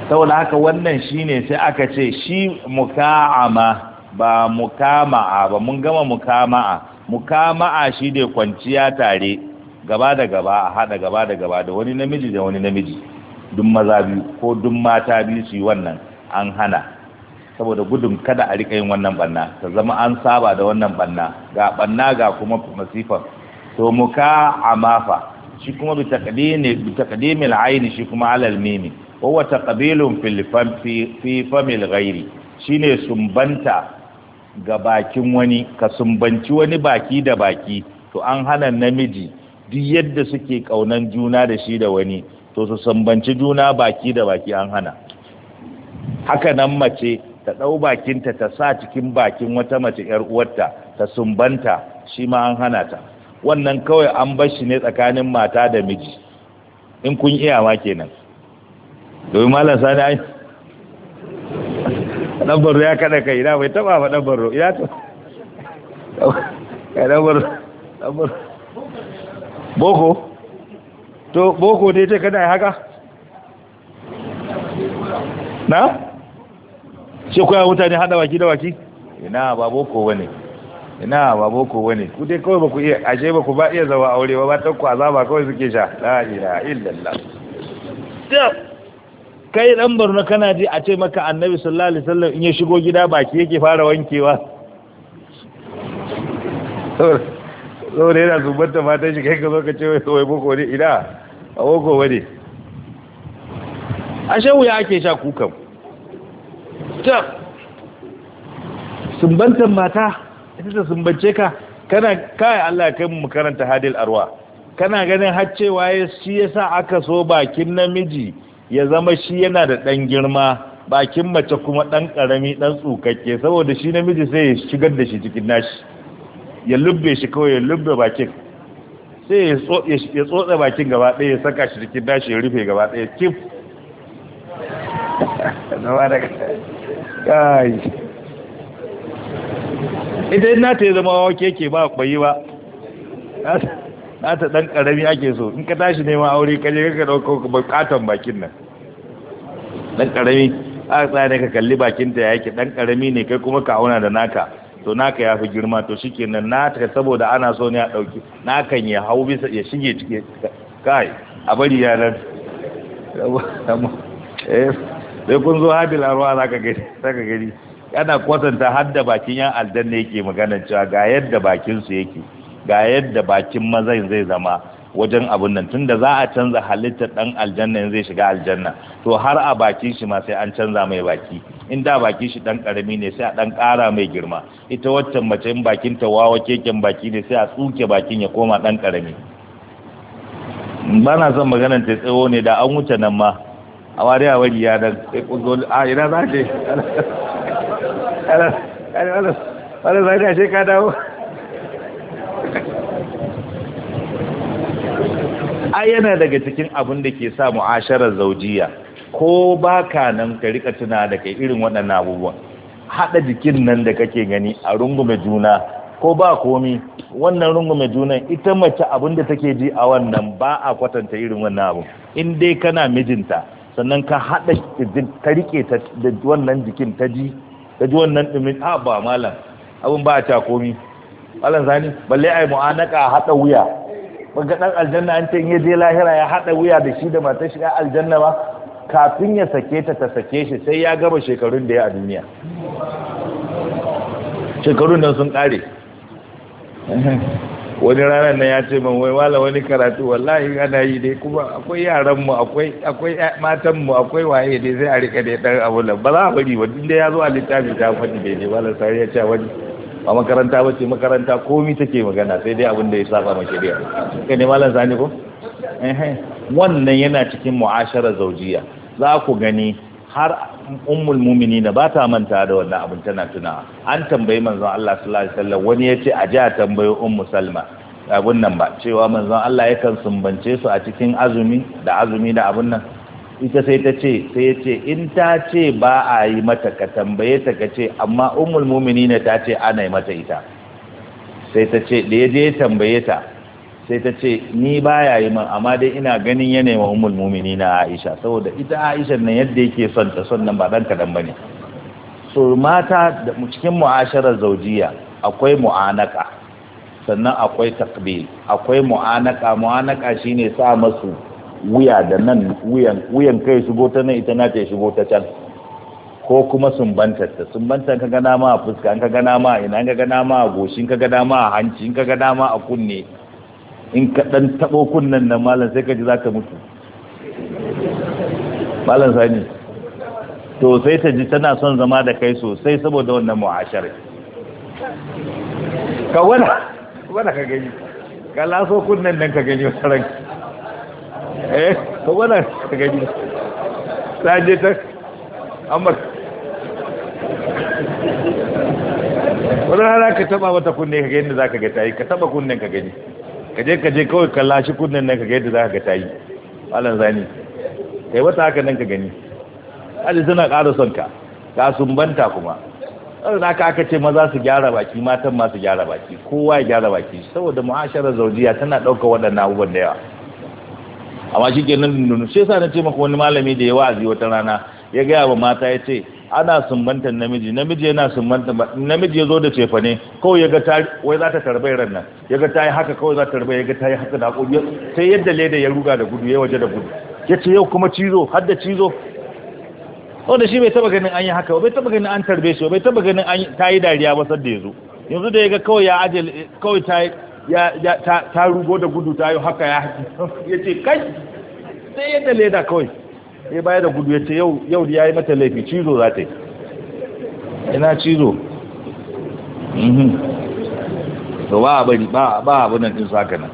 saboda haka wannan shine sai aka ce shi muka'ama ba mukama'a ba mun gama mukama'a mukama'a shi ne kwanciya tare gaba da gaba a haɗa gaba da gaba da wani namiji da wani namiji dun maza biyu ko dun mata biyu su yi wannan an hana saboda gudun kada a riƙa yin wannan banna ta zama an saba da wannan banna ga banna ga kuma masifan to muka amafa shi kuma bi taqdimil aini shi kuma alal mimi huwa taqbilun fil fam fi famil shine sumbanta ga bakin wani ka sumbanci wani baki da baki to an hana namiji duk yadda suke ƙaunan juna da shi da wani to su sumbanci juna baki da baki an hana haka nan mace ta ɗau bakinta ta sa cikin bakin wata mace ‘yar uwarta ta sumbanta shi ma an hana ta wannan kawai an bar shi ne tsakanin mata da miji in kun iya ma kenan domin malam sani ai dan ya kada kai ina bai taba ba dan ya to kai dan barro boko to boko dai ta kada haka na shi koya mutane hada waki da waki? ina ba boko wane ina ba boko wane ku dai kawai baku iya ashe baku ba iya zawa aure ba ba ta ku azaba kawai suke sha la ilaha illallah kai dan barno kana ji a ce maka annabi sallallahu alaihi wasallam in ya shigo gida baki yake fara wankewa saboda yana zubar da matan shi kai ka zo ka ce wai boko ne ina a boko wane Ashe wuya ake sha kukan ta sumbantar mata ita ta sumbance ka kana kai Allah ya kai mu karanta hadil arwa kana ganin har cewa shi yasa aka so bakin namiji ya zama shi yana da dan girma bakin mace kuma dan karami dan tsukakke saboda shi namiji sai ya shigar da shi cikin nashi ya lubbe shi kawai ya lubbe bakin sai ya tsotsa bakin gaba ɗaya ya saka shi cikin nashi ya rufe gaba ɗaya kif kai idan na ta yi zama wake ke ba kwayi ba na ta dan karami ake so in ka tashi ma aure ka je ka dauko bukatan bakin nan dan karami a tsaya ne ka kalli bakin ta yake dan karami ne kai kuma ka auna da naka to naka ya fi girma to shikenan naka saboda ana so ne a dauki nakan ya hau bisa ya shige cike kai a bari yaran sai kun zo hadil arwa za ka gani za ka gani yana kwatanta har da bakin yan aljanna yake magana cewa ga yadda bakin su yake ga yadda bakin mazan zai zama wajen abun nan tunda za a canza halittar dan aljanna zai shiga aljanna to har a bakin shi ma sai an canza mai baki in da bakin shi dan karami ne sai a dan kara mai girma ita waccan mace in bakin ta wawa keken baki ne sai a tsuke bakin ya koma dan karami ba na son maganar ta tsawo ne da an wuce nan ma a wari a wari ya nan sai kungo a ah, ina za ce wani zai da sheka dawo a yana daga cikin abin da ke sa mu'asharar zaujiya ko ba ka nan ka rika tuna da kai irin waɗannan abubuwan haɗa jikin nan da kake gani a rungume juna ko ba komi wannan rungume junan ita mace abin da take ji a wannan ba a kwatanta irin wannan abu in dai kana mijinta sannan ka haɗa ta riƙe ta da wannan jikin ta ji da ji wannan ɗumin a ba malam abin ba a cakomi. komi malam zani balle ai mu'anaka a haɗa wuya ga ɗan aljanna an ce in ya je lahira ya haɗa wuya da shi da matar shiga aljanna ba kafin ya sake ta ta sake shi sai ya gama shekarun da ya a duniya shekarun nan sun ƙare wani ranar na ya ce man wai wala wani karatu wallahi ana yi dai kuma akwai yaran mu akwai akwai matan mu akwai waye dai sai a rika dai dan abu nan ba za a bari ba inda ya zo a littafi ta faɗi dai wala sai ya ce wani ba makaranta ba ce makaranta komi take magana sai dai abin da ya saba ma shari'a kai ne malam sani ko eh wannan yana cikin mu'ashara zaujiya za ku gani har ummul mu'minin ba ta manta da wannan abin tana tuna an tambayi manzon Allah sallallahu alaihi wasallam wani yace a ja tambayo ummu salma abun nan ba cewa manzon Allah yakan sumbance su a cikin azumi da azumi da abun nan ita sai ta ce sai ya ce in ta ce ba a yi mata ka tambaye ta ka ce amma ummul mu'minin ta ce ana yi mata ita sai ta ce da ya je tambaye ta sai ta ce ni ba ya yi man amma dai ina ganin yanayin ummul mumini na Aisha saboda ita Aisha nan yadda yake son ta son nan ba dan kadan bane so mata da cikin mu'asharar zaujiya akwai mu'anaka sannan akwai takbil akwai mu'anaka mu'anaka shine sa masu wuya da nan wuyan wuyan kai shigo ta nan ita na ta shigo ta can ko kuma sumbantar ta sumbantar ka gana ma fuska an ka gana ma ina ka gana ma goshin ka gana ma hanci ka gana ma a kunne in ka dan tabo kunnan nan malam sai ka ji zaka mutu malam sani to sai ta ji tana son zama da kai sosai saboda wannan mu'ashar ka wani wani ka gani ka laso kunnan nan ka gani wata ranki eh ka wani ka gani ta je ta amma wani rana ka taba wata kunne ka gani da za ka gata yi ka taba kunnen ka gani ka je ka kawai kalla shi kunnen nan ka yadda za ka ga tayi malam zani kai wata haka nan ka gani hali suna ƙara son ka ka sumbanta kuma ɗan haka aka ce maza su gyara baki matan ma su gyara baki kowa ya gyara baki saboda mu'asharar zaujiya tana ɗauka waɗannan abubuwan da yawa amma shi ke nan nunu sai sa na ce maka wani malami da ya wazi wata rana ya gaya wa mata ya ce ana sumbantar namiji namiji yana sumbantar namiji ya zo da cefa ne kawai ya ga ta wai za ta tarbai ran nan ya ga ta yi haka kawai za ta tarbai ya ga ta yi haka da hakuri sai yadda leda ya ruga da gudu ya waje da gudu ya ce yau kuma cizo har da cizo wanda shi bai taba ganin an yi haka bai taba ganin an tarbe shi bai taba ganin an ta yi dariya ba sadda ya zo yanzu da ya ga kawai ya ajal kawai ta ya ta rugo da gudu ta yi haka ya ya ce kai sai yadda leda kawai sai baya da gudu ya ce yau ya yi mata laifi cizo za ta yi ina cizo mhm. to ba a bari ba a saka nan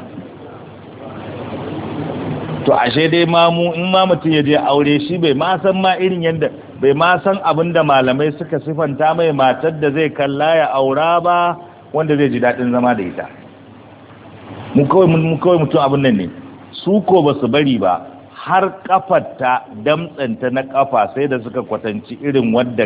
to ashe dai mamu in ma mutum ya je aure shi bai ma san ma irin yadda bai ma san abin da malamai suka sifanta mai matar da zai kalla ya aura ba wanda zai ji daɗin zama da ita mu kawai mutum abin nan ne su ko ba su bari ba har kafarta damtsanta na kafa sai da suka kwatanci irin wadda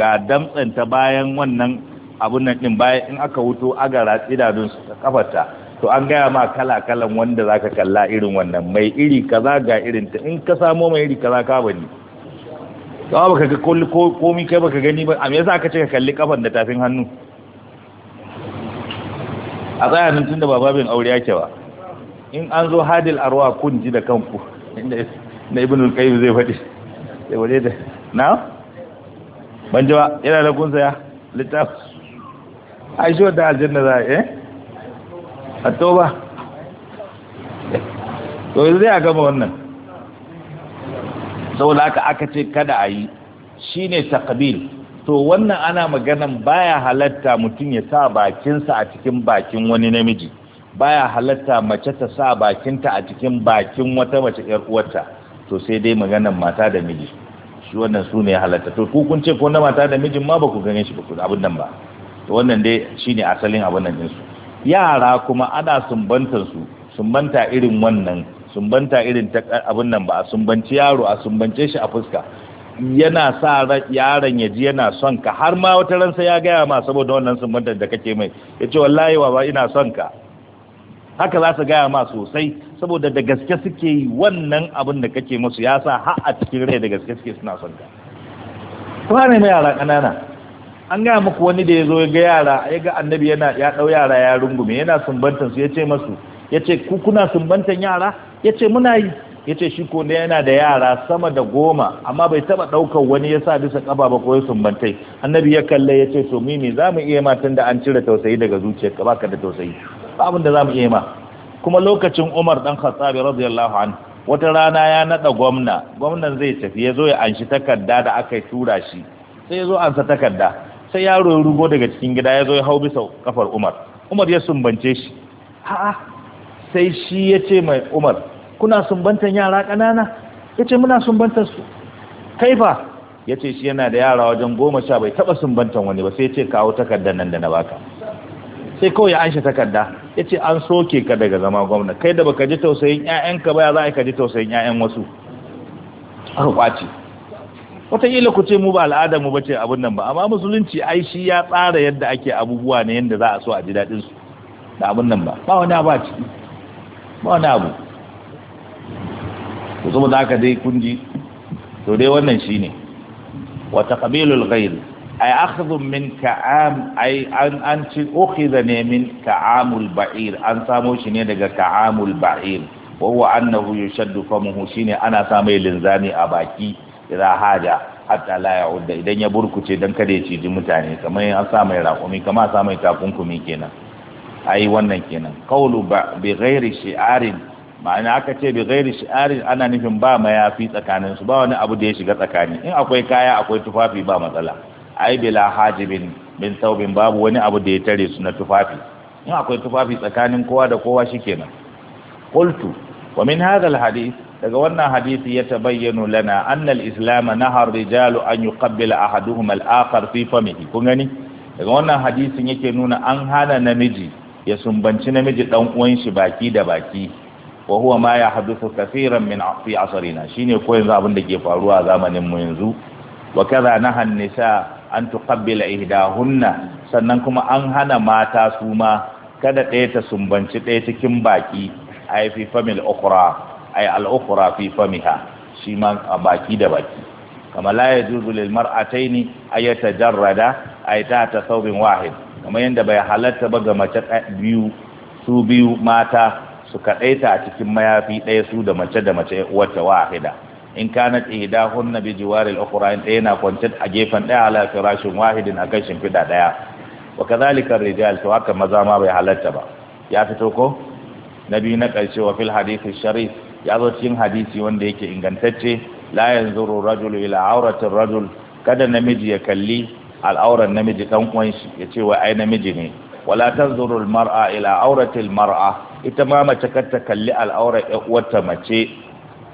ga damtsanta bayan wannan abun nan din bayan in aka wuto agara idanun su kafarta to an gaya ma kala kalan wanda zaka kalla irin wannan mai iri kaza ga irin ta in ka samo mai iri kaza ka bani to baka ga kulli ko komi kai baka gani ba a me yasa ka ce ka kalli kafan da tafin hannu a tsaya nan tunda ba babin aure yake ba in an zo hadil arwa kun ji da kanku inda na ibn al-qayyim zai faɗi sai waje da na ban jima yana da kun saya Littaf. ai shi da aljanna za a eh a toba to yanzu zai a gama wannan saboda haka aka ce kada a yi shine taqbil to wannan ana maganan baya halatta mutum ya sa bakinsa a cikin bakin wani namiji baya halatta mace ta sa bakinta a cikin bakin wata mace ƴar uwarta to sai dai maganar mata da miji shi wannan su ne halatta to ku kun ce ko na mata da mijin ma ba ku gane shi ba ku abin nan ba to wannan dai shine asalin abin nan din su yara kuma ana sumbantar su sumbanta irin wannan sumbanta irin ta abin nan ba a sumbanci yaro a sumbance shi a fuska yana sa yaron ya ji yana son ka har ma wata ransa ya gaya ma saboda wannan sumbantar da kake mai ya ce wallahi ba ina son ka haka za su gaya ma sosai saboda da gaske suke yi wannan abin da kake musu ya sa ha a cikin rai da gaske suke suna son ka ne mai yara ƙanana an gaya muku wani da ya zo ya ga yara ya ga annabi yana ya dau yara ya rungume yana sumbantan su ya ce masu ya ce ku kuna sumbantan yara ya ce muna yi ya ce shi ko ne yana da yara sama da goma amma bai taba ɗaukar wani ya sa bisa ƙaba ba ko ya sumbantai annabi ya kalle ya ce to mimi za mu iya matan da an cire tausayi daga zuciyarka baka da tausayi abin da za mu iya ma kuma lokacin umar dan khattabi radiyallahu anhu wata rana ya nada gwamna gwamnan zai tafi ya zo ya anshi takarda da aka tura shi sai ya zo ansa takarda sai yaro ya rugo daga cikin gida ya zo ya hau bisa kafar umar umar ya sumbance shi a'a sai shi ya ce mai umar kuna sumbantan yara ƙanana ya ce muna sumbantar su kaifa ya ce shi yana da yara wajen goma sha bai taɓa sumbantan wani ba sai ya ce kawo takardar nan da na baka sai kawai ya anshi takarda ya ce an soke ka daga zama gwamna kai da baka ji tausayin 'ya'yanka ba ya za a ka ji tausayin 'ya'yan wasu aka kwace wataƙila ku ce mu ba al'adar mu bace abin nan ba amma musulunci ai shi ya tsara yadda ake abubuwa ne yadda za a so a ji daɗin su da abin nan ba ba wani abu a ciki ba wani abu to da aka dai kun ji to dai wannan shi ne wata taqbilul ghaib ay akhdhu min ka'am ay an an ci ukhidha ne min ka'amul ba'ir an samo shi ne daga ta'amul ba'ir wa huwa annahu yushaddu famuhu shine ana sa mai linzami a baki idan haja hatta la ya'udda idan ya burkuce dan kada ya ciji mutane kamar an sa mai raƙumi kamar an sa mai takunkumi kenan ai wannan kenan qawlu bi ghairi shi'arin ma'ana aka ce bi ghairi shi'arin ana nufin ba mayafi tsakaninsu ba wani abu da ya shiga tsakani in akwai kaya akwai tufafi ba matsala ai bila hajibin bin taubin babu wani abu da ya tare su na tufafi in akwai tufafi tsakanin kowa da kowa shikenan qultu wa min hadha alhadith daga wannan hadisi ya tabayyana lana anna al-islam nahar rijalu an yuqabbila ahaduhum al-akhar fi famihi kun gani daga wannan hadisin yake nuna an hana namiji ya sumbanci namiji dan uwan shi baki da baki wa huwa ma yahduthu kaseeran min fi asrina shine ko yanzu abin da ke faruwa a zamanin mu yanzu wa kaza nahan nisa an tuqabbila ihdahunna sannan kuma an hana mata su ma kada ɗaya ta sumbanci ɗaya cikin baki ai fi famil ukhra ai al ukhra fi famiha shi ma baki da baki kama la yajuzu lil mar'ataini ay tajarrada ay ta tasawbin wahid kamar yanda bai halatta ba ga mace biyu su biyu mata su kaɗaita a cikin mayafi ɗaya su da mace da mace wata wahida in kanat ihdahunna bi jiwar al-ukhra in ɗaya na kwance a gefen ɗaya ala firashin wahidin akan shimfiɗa ɗaya wa kadhalika rijal to haka maza ma bai halatta ba ya fito ko na biyu na ƙarshe wa fil hadisi sharif ya zo cikin hadisi wanda yake ingantacce la yanzuru rajulu ila auratin rajul kada namiji ya kalli al'auran namiji dan uwan shi ya ce wa ai namiji ne wala tanzuru al-mar'a ila auratil mar'a ita ma mace kar ta kalli al'aurar uwarta mace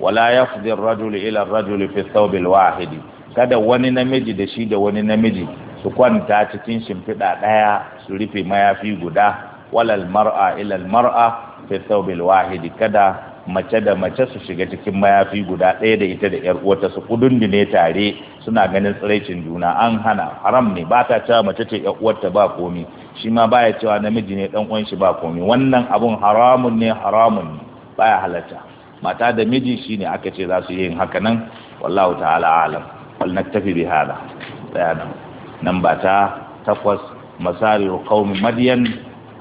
wala ya fi rajulu ila rajuli fi thawb al kada wani namiji da shi da wani namiji su kwanta cikin shimfiɗa ɗaya su rufe mayafi guda walal mar'a ilal mar'a fi thawbil wahidi kada mace da mace su shiga cikin mayafi guda ɗaya da ita da ƴar uwarta su kudundune tare suna ganin tsiraicin juna an hana haram ne ba ta cewa mace ce yar uwarta ba komi shi ma baya cewa namiji ne dan uwan shi ba komi wannan abun haramun ne haramun ne baya halatta mata da miji shi ne aka ce za su yi hakanan. wallahu ta'ala alam wal naktafi bi hada bayanan nan ba ta takwas masarir qaumi madyan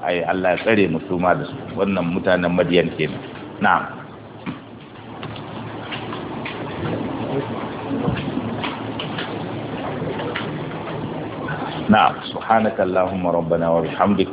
ay Allah ya tsare mu su ma da su wannan mutanen madyan kenan na'am na'am subhanakallahumma rabbana wa bihamdika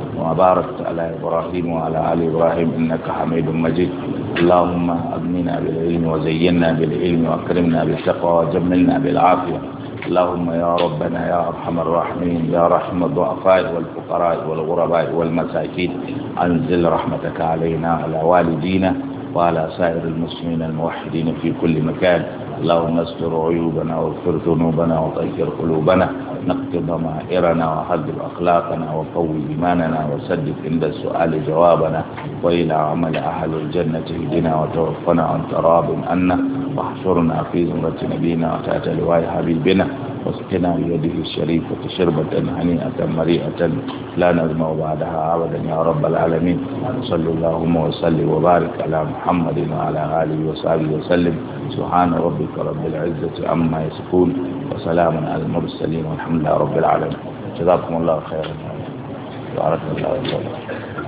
وباركت على إبراهيم وعلى آل إبراهيم إنك حميد مجيد اللهم أغننا بالعلم وزينا بالعلم وأكرمنا بالتقوى وجملنا بالعافية اللهم يا ربنا يا أرحم الراحمين يا رحم الضعفاء والفقراء والغرباء والمساكين أنزل رحمتك علينا على والدينا وعلى سائر المسلمين الموحدين في كل مكان اللهم استر عيوبنا واغفر ذنوبنا وطهر قلوبنا نقض ضمائرنا وحذر أخلاقنا وقوي إيماننا وسدد عند السؤال جوابنا وإلى عمل أهل الجنة اهدنا وتوفنا عن تراب انا واحشرنا في زمرة نبينا وتحت لواء حبيبنا واسقنا بيده الشريفة شربة هنيئة مريئة لا نزمع بعدها أبدا يا رب العالمين صلى اللهم وسلم وبارك على محمد وعلى آله وصحبه وسلم سبحان ربك ربك رب العزة عما يصفون وسلام على المرسلين والحمد لله رب العالمين جزاكم الله خيرا وعرفنا الله